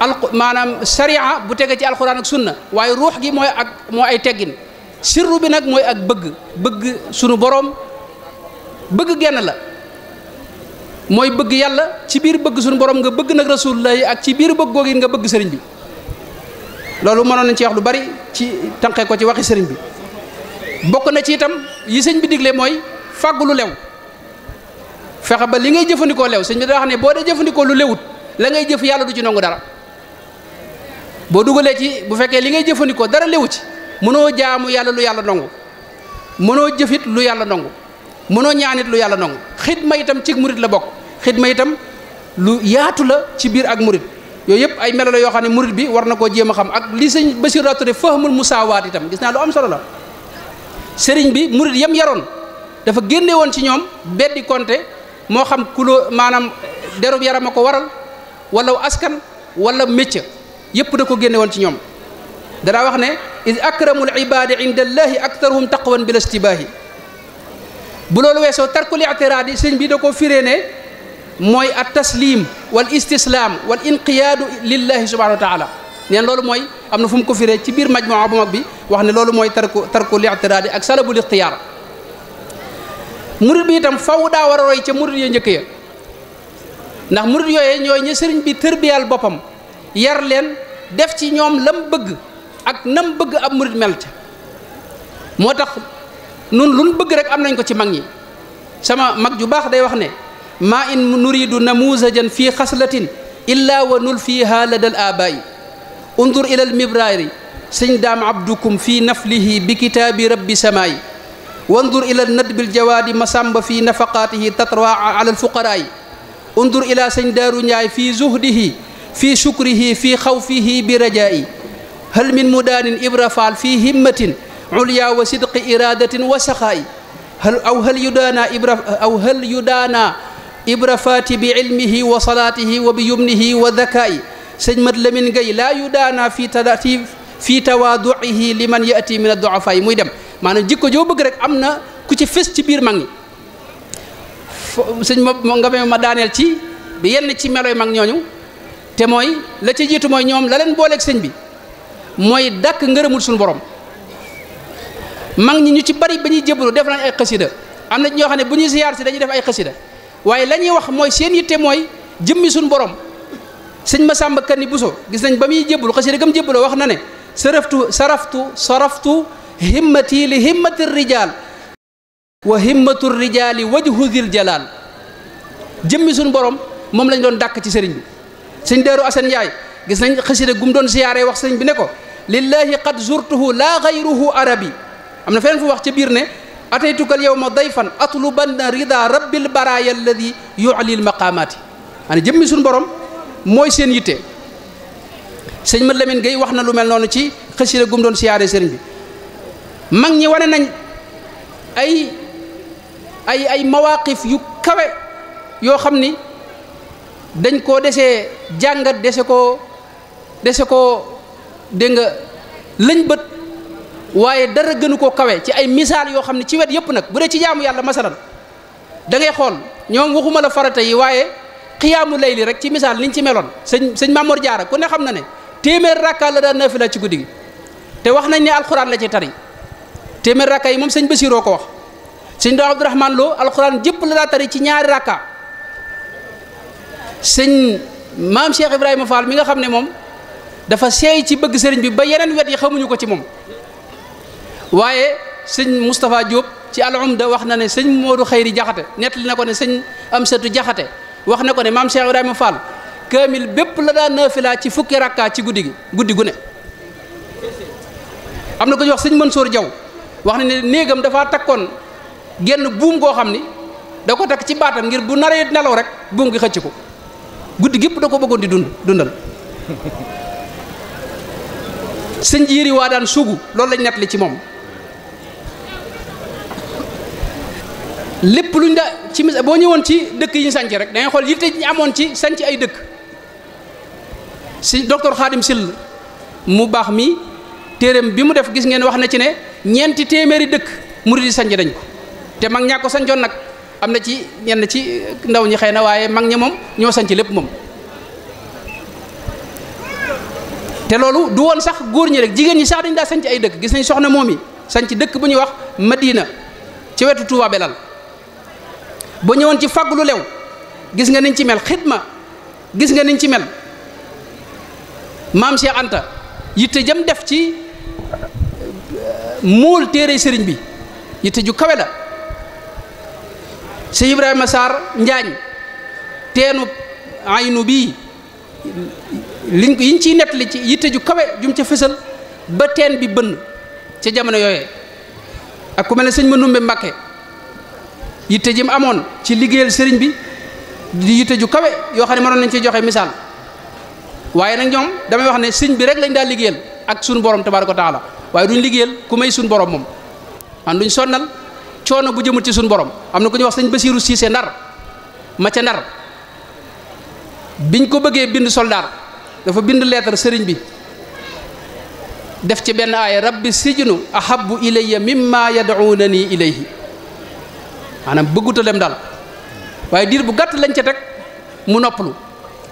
al maanaam sariya bu tege ci alquran ak sunna waaye ruux gi mooy ak moo ay teggin sirru bi nag mooy ak bëgg bëgg sunu borom bëgg genn la mooy bëgg yàlla ci biir bëgg suñu borom nga bëgg nag rasulullah yi ak ci biir bëgg googu nga bëgg sëriñ bi loolu mënoon nañ ci wax lu bari ci tànqee ko ci waxi sëriñ bi bokk na ci itam yi sëñ bi digle mooy fàggu lu lew fexe ba li ngay jëfandikoo lew sëñ bi da boo dee jëfandikoo lu lewut la ngay jëf yàlla du ci nangu dara boo dugalee ci bu fekkee li ngay jëfandikoo dara lewu ci mënoo jaamu yàlla lu yàlla nangu mënoo jëfit lu yàlla nangu mënoo ñaanit lu yàlla nangu ma itam ci murit la bokk xidma tam lu yaatu la ci biir ak murit yooyu yëpp ay melo la yoo xam ne murit bi war na koo jéem a xam ak li sëñ Basiru daa tudde fahmul musaawaat itam gis naa lu am solo la sëriñ bi murit yam yaroon dafa génne woon ci ñoom beddi konte moo xam kuloo maanaam derub yaram a ko waral wala askan wala métier yépp da ko génne woon ci ñoom danaa wax ne iz akramul ibaadi inda allahi aktaruhum taqwan bil istibaahi bu loolu weesoo tarkul i'tiraadi sëñ bi da koo firee ne mooy at taslim wal istislaam wal inqiyaadu lillahi subhanahu wa taala neen loolu mooy am na fu mu ko ci biir majmua bu mag bi wax ne loolu mooy tarku tarku li'tiraadi ak salabul ixtiyaar murid bi itam faw daa war a roy ca murid ya njëkk ya ndax murid yooye ñooy ña sëriñ bi tërbiyal boppam yar leen def ci ñoom lam bëgg ak nam bëgg ab murid mel moo tax nun luñ bëgg rek am nañ ko ci mag ñi sama mag ju baax day wax ne ما إن نريد نموذجا في خصلة إلا ونلفيها لدى الآباء انظر إلى المبرار سندام عبدكم في نفله بكتاب رب سماي وانظر إلى الندب الجواد مسامب في نفقاته تطرع على الفقراء انظر إلى سندار نياي في زهده في شكره في خوفه برجائي هل من مدان إبرفال في همة عليا وصدق إرادة وسخاء هل أو هل يدانا إبرف أو هل يدانا ibra faati bi ilmihi wa salaatihi wa bi yumnihi wa dakaa'i sëñ mat lamin gay laa yu daana fii tadaati fii tawaaduihi li man yaati min adduafa yi muy dem maanaam jikko joo bëgg rek am na ku ci fës ci biir mag ñi sëñ ma nga ma daaneel ci bi yenn ci meloy mag ñooñu te mooy la ci jiitu mooy ñoom la leen booleeg sëñ bi mooy dàkk ngërëmul suñu borom mag ñi ñu ci bari ba ñuy jébbalu def nañ ay xasida am na ñoo xam ne bu ñuy ziyaar si dañuy def ay xasida waye la wax moy seen yitte moy jëmmi suñ borom sëñ Masamba Kanni buso gis nañ ba jëbul jébbalu xasida gam jébbaloo wax na ne saraftu saraftu saraftu himmati li himmati rijaal wa himmatu rijaali wajhu dhil jalal jëmmi suñ borom mom lañ doon dak ci sëriñ bi sëñ Daaru Asan yaay gis nañ xasida gum doon ziaré wax sëriñ bi ne ko lillahi qad zurtuhu la ghayruhu arabi amna na fu wax ci bir ne ataytuka al yawma dayfan atlubanna rida rabbil baraaya alladi yu'li al maqaamaati ana jëmmi suñu borom mooy seen yitte sëñ ma Lamine Gueye wax na lu mel noonu ci xasida gum doon siyaare sëriñ bi mag ñi wane nañ ay ay ay mawaqif yu kawe yoo xam ni dañ koo desee jàngat dese koo dese koo dégg nga lëñ waaye dara gënu koo kawe ci ay misaal yoo xam ne ci wet yëpp nag bu dee ci jaamu yàlla masalan da ngay xool ñoom waxuma la farata yi waaye xiyaamu layli rek ci misaal liñ ci meloon sëñ sëñ Mamoor Jaara ku ne xam na ne téeméer rakka la daan nafila ci guddi te wax nañ ne alxuraan la ci tari téeméer rakka yi moom sëñ Basiroo ko wax sëñ Doo Abdourahman Lo alxuraan jëpp tari ci ñaari rakka sëñ maam Cheikh Ibrahima Fall mi nga xam ne moom dafa seey ci bëgg sëriñ bi ba yeneen wet yi xamuñu ko ci moom waaye sëñ Moustapha Diop ci da wax na ne sëñ Modou Xayri Jaxate nettali na ko ne sëñ am Amsatu Jaxate wax na ko ne maam Cheikh Ibrahima Fall kaamil bépp la daa naafila ci fukki rakkaa ci guddi gi guddi gu ne am na ko ñu wax sëñ mën Mansour Diaw wax na ne néegam dafa takkoon genn buum goo xam ni da ko takk ci baatam ngir bu naree nelaw rek buum gi xëcc ko guddi gépp da ko bëggoon di dund dundal sëñ jiiri waa daan sugu loolu lañ nettali ci moom lepp luñ da ci mis bo ñewon ci dekk yi sanci rek da ngay xool yitte ñu ci sanci ay dekk si docteur Khadim sil mu bax mi terem bi mu def gis ngeen wax na ci ne ñeenti téméri dekk murid sanci dañ ko té mag ñako sanjon nak amna na ci ñen ci ndaw ñi xeyna waye mag ñi mom ño sanci lepp mom té lolu du won sax goor ñi rek jigen ñi sax dañ da sanci ay dekk gis nañ soxna momi sanci dekk bu ñu wax madina ci wetu touba belal ba ñëwoon ci fàgg lu lew gis nga niñ ci mel xidma gis nga niñ ci mel maam Cheikh Anta yitte jëm def ci euh, muul téere sëriñ bi yitte ju kawe la Cheikh Ibrahima Sarr Njaañ teenu aynu bii liñ ko yiñ ciy nettali ci yitte ju kawe jum ca fësal ba teen bi bënn ca jamono yooyee ak ku mel ne sëñ ma numbe Mbàkke yitte ji mu amoon ci liggéeyal sëriñ bi di yitte ju kawe yoo xam ne mënoon nañ ci joxe misaal waaye nag ñoom damay wax ne sëñ bi rek lañ daal liggéeyal ak suñu borom tabaaraka taala waaye duñ liggéeyal ku may suñu borom moom man duñ sonnal coono bu jëmul ci suñu borom am na ku ñuy wax sañ Basiiru Siise ndar ma ca ndar biñ ko bëggee bind soldaar dafa bind lettre sëriñ bi def ci benn aaya rabbi sijnu ahabu ilayya mimma yad'uunani ilayhi maanaam bëggut a dem daal waaye diir bu gàtt lañ ca teg mu noppalu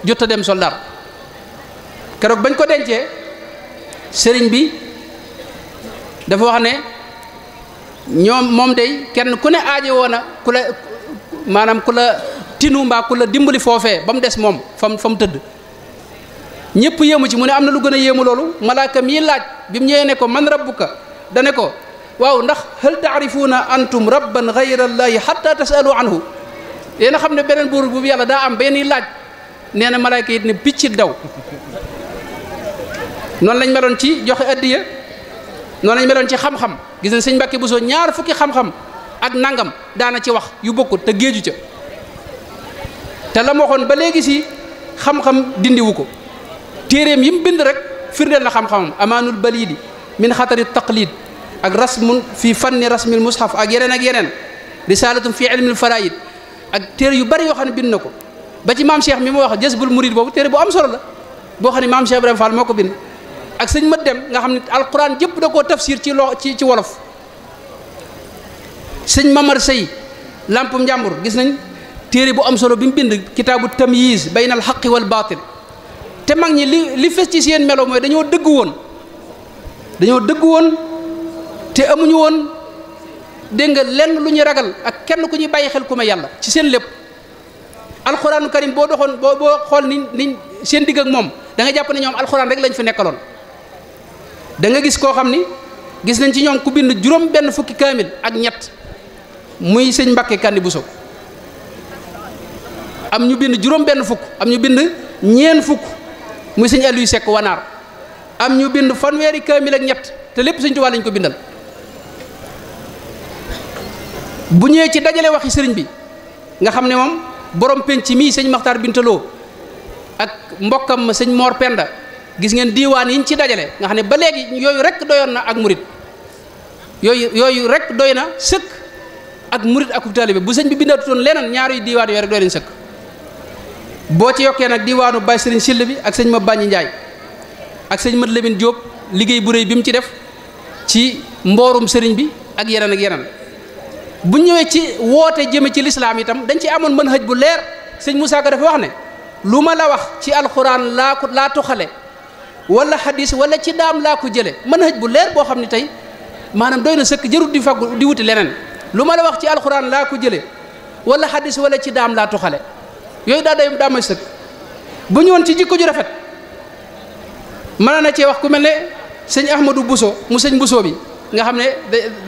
jot a dem soldaar keroog bañ ko dencee sëriñ bi dafa wax ne ñoom moom day kenn ku ne aaje woon a ku la maanaam ku la tinu mbaa ku la dimbali foofee ba mu des moom fa mu fa mu tëdd ñépp yéemu ci mu ne am na lu gën a yéemu loolu malaaka mii laaj bi mu ñëwee ne ko man rabbuka dane ko waaw ndax hal taarifuuna antum rabban ghayra allahi hatta tasalu anhu yena xamne benen bur bu yalla da am ben laaj neena malaika yi ne picc daw non lañ meloon ci joxe addiya non lañ meloon ci xam-xam gis na seigne Mbàkke Buso ñaar fukki xam-xam ak nangam daana ci wax yu bokkut te géeju ca te lam waxon ba legi si xam-xam dindi wuko téeréem yim bind rek firdel la xam xam amanul balidi min khatari taqlid ak rasmun fi fanni rasmil mushaf ak yenen ak yenen risalatun fi ilmil faraid ak ter yu bari yo xam bin nako ba ci maam Cheikh mi mo wax jazbul murid bobu ter bu am solo la bo xam mam maam Cheikh ibrahim Fall moko bin ak seigne mat nga xam alquran jep da tafsir ci ci ci wolof seigne Mamar Sey lampum jamur. gis nañ téré bu am solo bi bind kitaabu tamyiz bayna al wal batin. té mag ñi li li ci seen melo moy dañoo dëgg woon dañoo dëgg woon te amuñu won dégg nga lenn lu ragal ak kenn ku ñuy bàyyi xel kuma yalla ci seen lepp alquran karim bo doxon bo bo xol ni ni seen dig ak mom da nga japp ni ñom alquran rek lañ fi nekkalon da nga gis ko xamni gis nañ ci ñom ku bind juróom ben fukki kamil ak ñet muy seigne mbacke Kandi Buso am ñu bind juróom ben fuk am ñu bind ñeen fuk muy seigne Aliou sek wanar am ñu bind fanweri kamil ak ñet te lepp seigne lañ ko bindal bu ñëwee ci dajale waxi sëriñ bi nga xam ne moom borom penc mii sëñ Maxtaar Bintaloo ak mbokkam ma sëñ moor pend gis ngeen diiwaan yiñ ci dajale nga xam ne ba léegi yooyu rek doyoon na ak murit yooyu yooyu rek doy na sëkk ak murit ak taalibe bu sëñ bi bindaatutoon leneen ñaari diiwaan yooyu rek doy nañ sëkk boo ci yokkee nag diiwaanu Baye Sëriñ Sill bi ak sëñ ma Bàññi Njaay ak sëñ ma Lamin Jóob liggéey bu réy bi mu ci def ci mboorum sëriñ bi ak yeneen ak bu ñëwee ci woote jëme ci lislaam itam dañ ci amoon mën xëj bu leer sëñ Moussa Ka dafa wax ne lu ma la wax ci alxuraan laa ko laa tuxale wala xadis wala ci daam laa ko jële mën bu leer boo xam ne tey maanaam doy na sëkk jarut di faggu di wuti leneen lu ma la wax ci alxuraan laa ko jële wala xadis wala ci daam laa tuxale yooyu daa day daa may sëkk bu ñëwoon ci jikko ju rafet mën na cee wax ku mel ne sëñ Ahmadou Bousso mu sëñ Bousso bi nga xam ne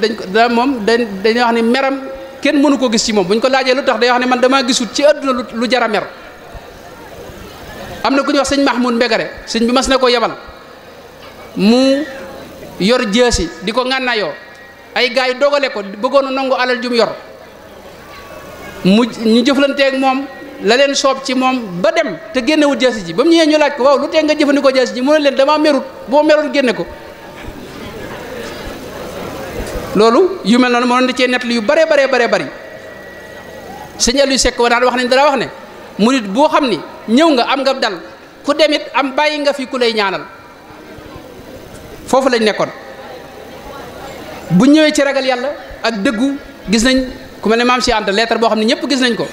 dañ ko da dañ dañuy wax ne meram kenn mënu koo gis ci moom bu ñu ko laajee lu tax day wax ne man damaa gisut ci àdduna lu jara mer am na ku ñuy wax sëñ Mahmoud Mbegare sëñ bi mas na ko yebal mu yor jësi di ko ngànnaayoo ay gars yi dogale ko bëggoon a nangu alal jum yor mu ñu jëflanteeg moom la leen soob ci moom ba dem te génnewul jësi ji ba mu ñëwee ñu laaj ko waaw lu tee nga jëfandikoo jësi ji mu leen damaa merut boo meroon génne ko loolu yu mel noonu mënoon na cee nettali yu bare bare bare bari sëñ Aliou Seck wanaan wax nañ dara wax ne murit boo xam ni ñëw nga am nga dal ku dem it am bàyyi nga fi ku lay ñaanal foofu lañ nekkoon bu ñëwee ci ragal yàlla ak dëggu gis nañ ku mel ne maam si Anta lettre boo xam ne ñëpp gis nañ ko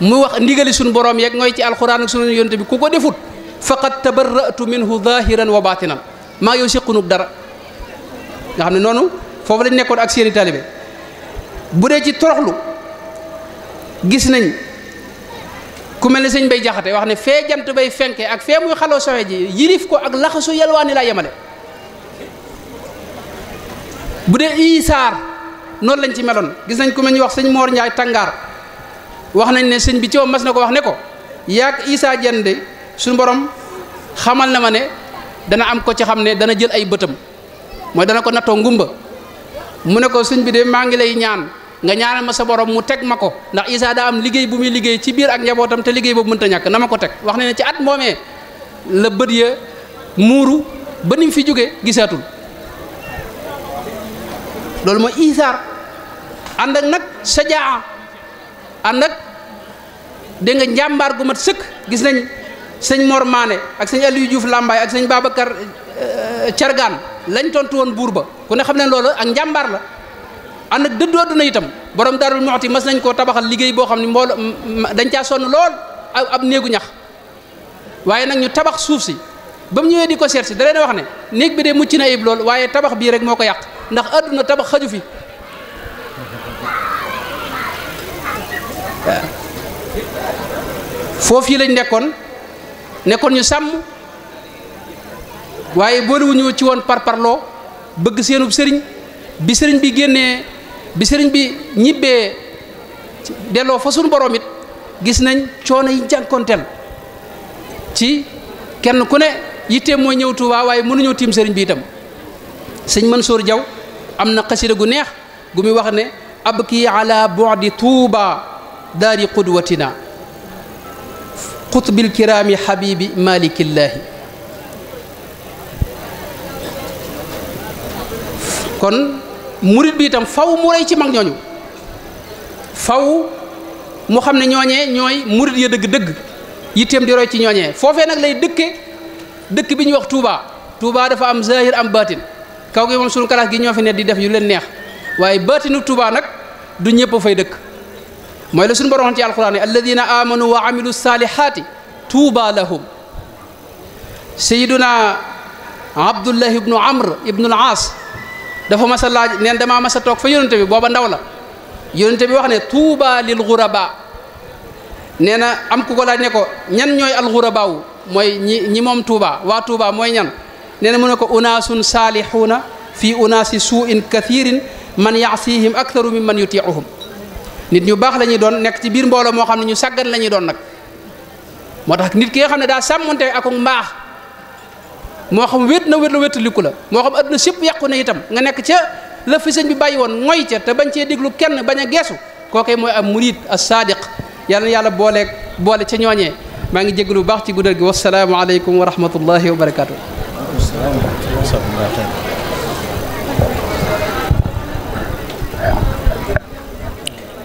mu wax ndigali suñu borom yeeg ngooy ci alxuraan ak sunu yonte bi ku ko defut faqad tabarratu minhu zahiran wa batinan maa yow séqunub dara nga xam ne noonu foofu lañ nekkoon ak seeni taalibe bu dee ci toroxlu gis nañ ku mel ne sëñ bay jaxate wax ne fee jant bay fenke ak fee muy xaloo sowe ji yilif ko ak laxasu yalwaani laa yemale bu dee iisaar noonu lañ ci meloon gis nañ ku mel ñu wax sëñ moor njaay tàngaar wax nañ ne sëñ bi ci mas na ko wax ne ko yaag saa jende suñu borom xamal na ma ne dana am ko ci xam ne dana jël ay bëtam mooy dana ko nattoo ngumba mu ne ko suñ bi dee maa ngi lay ñaan nga ñaanal ma sa boroom mu teg ma ko ndax Isa daa am liggéey bu muy liggéey ci biir ak njabootam te liggéey boobu mënta ñàkk na ma ko teg wax ne ne ci at moomee la bët ya muuru ba ni fi jóge gisaatul loolu mooy isaar ànd ak nag sajaa ànd ak dégg nga njàmbaar gu mat sëkk gis nañ sëñ Mor Maane ak sëñ Aliou Diouf Lambaay ak sëñ Babacar cargaan euh, lañ tontu woon buur ba ku ne xam ne loolu ak njàmbaar la ànd ak dëddu àdduna itam boroom borom daarul moxti mas nañ koo tabaxal liggéey boo xam ne mbool dañ caa sonn lool ab néegu ñax waaye nag ñu tabax suuf si ba mu ñëwee di ko seet si da leen wax ne néeg bi de mucc na ayib lool waaye tabax bii rek moo ko yàq ndax àdduna tabax xaju fi foofu yi lañ nekkoon nekkoon ñu sàmm waaye boolewuñu ci woon par parloo bëgg seenub sëriñ bi sëriñ bi génnee bi sëriñ bi ñibbee delloo fa suñu borom gis nañ coono yi jànkonteel ci kenn ku ne yittee mooy ñëw Tuubaa waaye mënuñoo tiim sëriñ bi itam sëñ Mansour Diaw am na xasida gu neex gu muy wax ne ab kii ala bu'di Tuubaa daari qudwatina qutbil kiraami habibi malikillaahi kon murit bi itam faw mu rey ci mag ñooñu faw mu xam ne ñooñee ñooy murit ya dëgg-dëgg yitteem di roy ci ñooñee foofee nag lay dëkke dëkk bi ñuy wax tuuba Touba dafa am zahir am baatin kaw gi moom suñu kalaas gi ñoo fi ne di def yu leen neex waaye baatinu Touba nag du ñëpp fay dëkk mooy la suñu borom ci alquran ne alladina amanu wa amilu salihati tuuba lahum sayiduna abdullahi ibnu amr ibnu aas dafa mas a laaj neen damaa mas a toog fa yonente bi booba ndaw la yonente bi wax ne tuuba lil xuraba nee na am ku ko laaj ne ko ñan ñooy alxuraba wu mooy ñi ñi moom tuuba waa tuuba mooy ñan nee na mu ne ko unaasun saalihuuna fii unaasi suuin kathirin man yaasihim aktharu min man yutiuhum nit ñu baax la doon nekk ci biir mbooloo moo xam ne ñu sàggan la doon nag moo tax nit ki xam ne daa sàmmonte ak mbaax mo xam wet na wét la wétaliku la mo xam aduna sépp yakku na itam nga nek ci la fi sëñ bi bàyyi won ngoy ci te bañ ci deglu kenn baña a kokay moy am murid as sadiq yalla yalla bolé bolé ci ñooñee ma ngi jéglu bax ci guddal gi alaykum wa rahmatullahi wa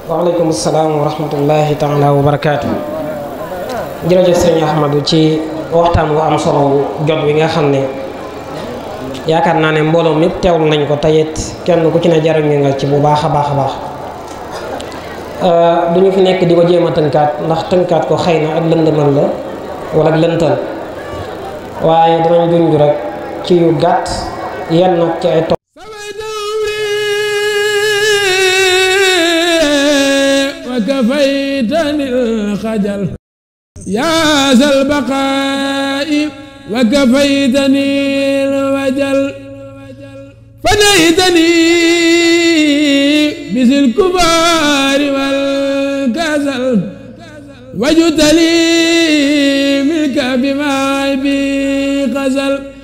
wa alaykum assalam wa rahmatullahi taala wa barakatu jërëjëf sëñ Ahmadou ci waxtan wu am solo jot wi nga xamne yaakar yaakaar naa ne mbooloo mépp teewlu nañ ko tayet kenn ku ci na ne jariñu nga ci bu baax a baax euh duñu fi nekk diko jema jéem ndax tënkaat ko xeyna na ak lëndëmal la wala ak lentel waye waaye danañ junj rek ci yu gàtt yenn ak ci ay topp وكفيتني الخجل يا ذا البقاء وكفيتني الوجل فنيتني بذي الكبار والكسل وجدني منك بما بي غزل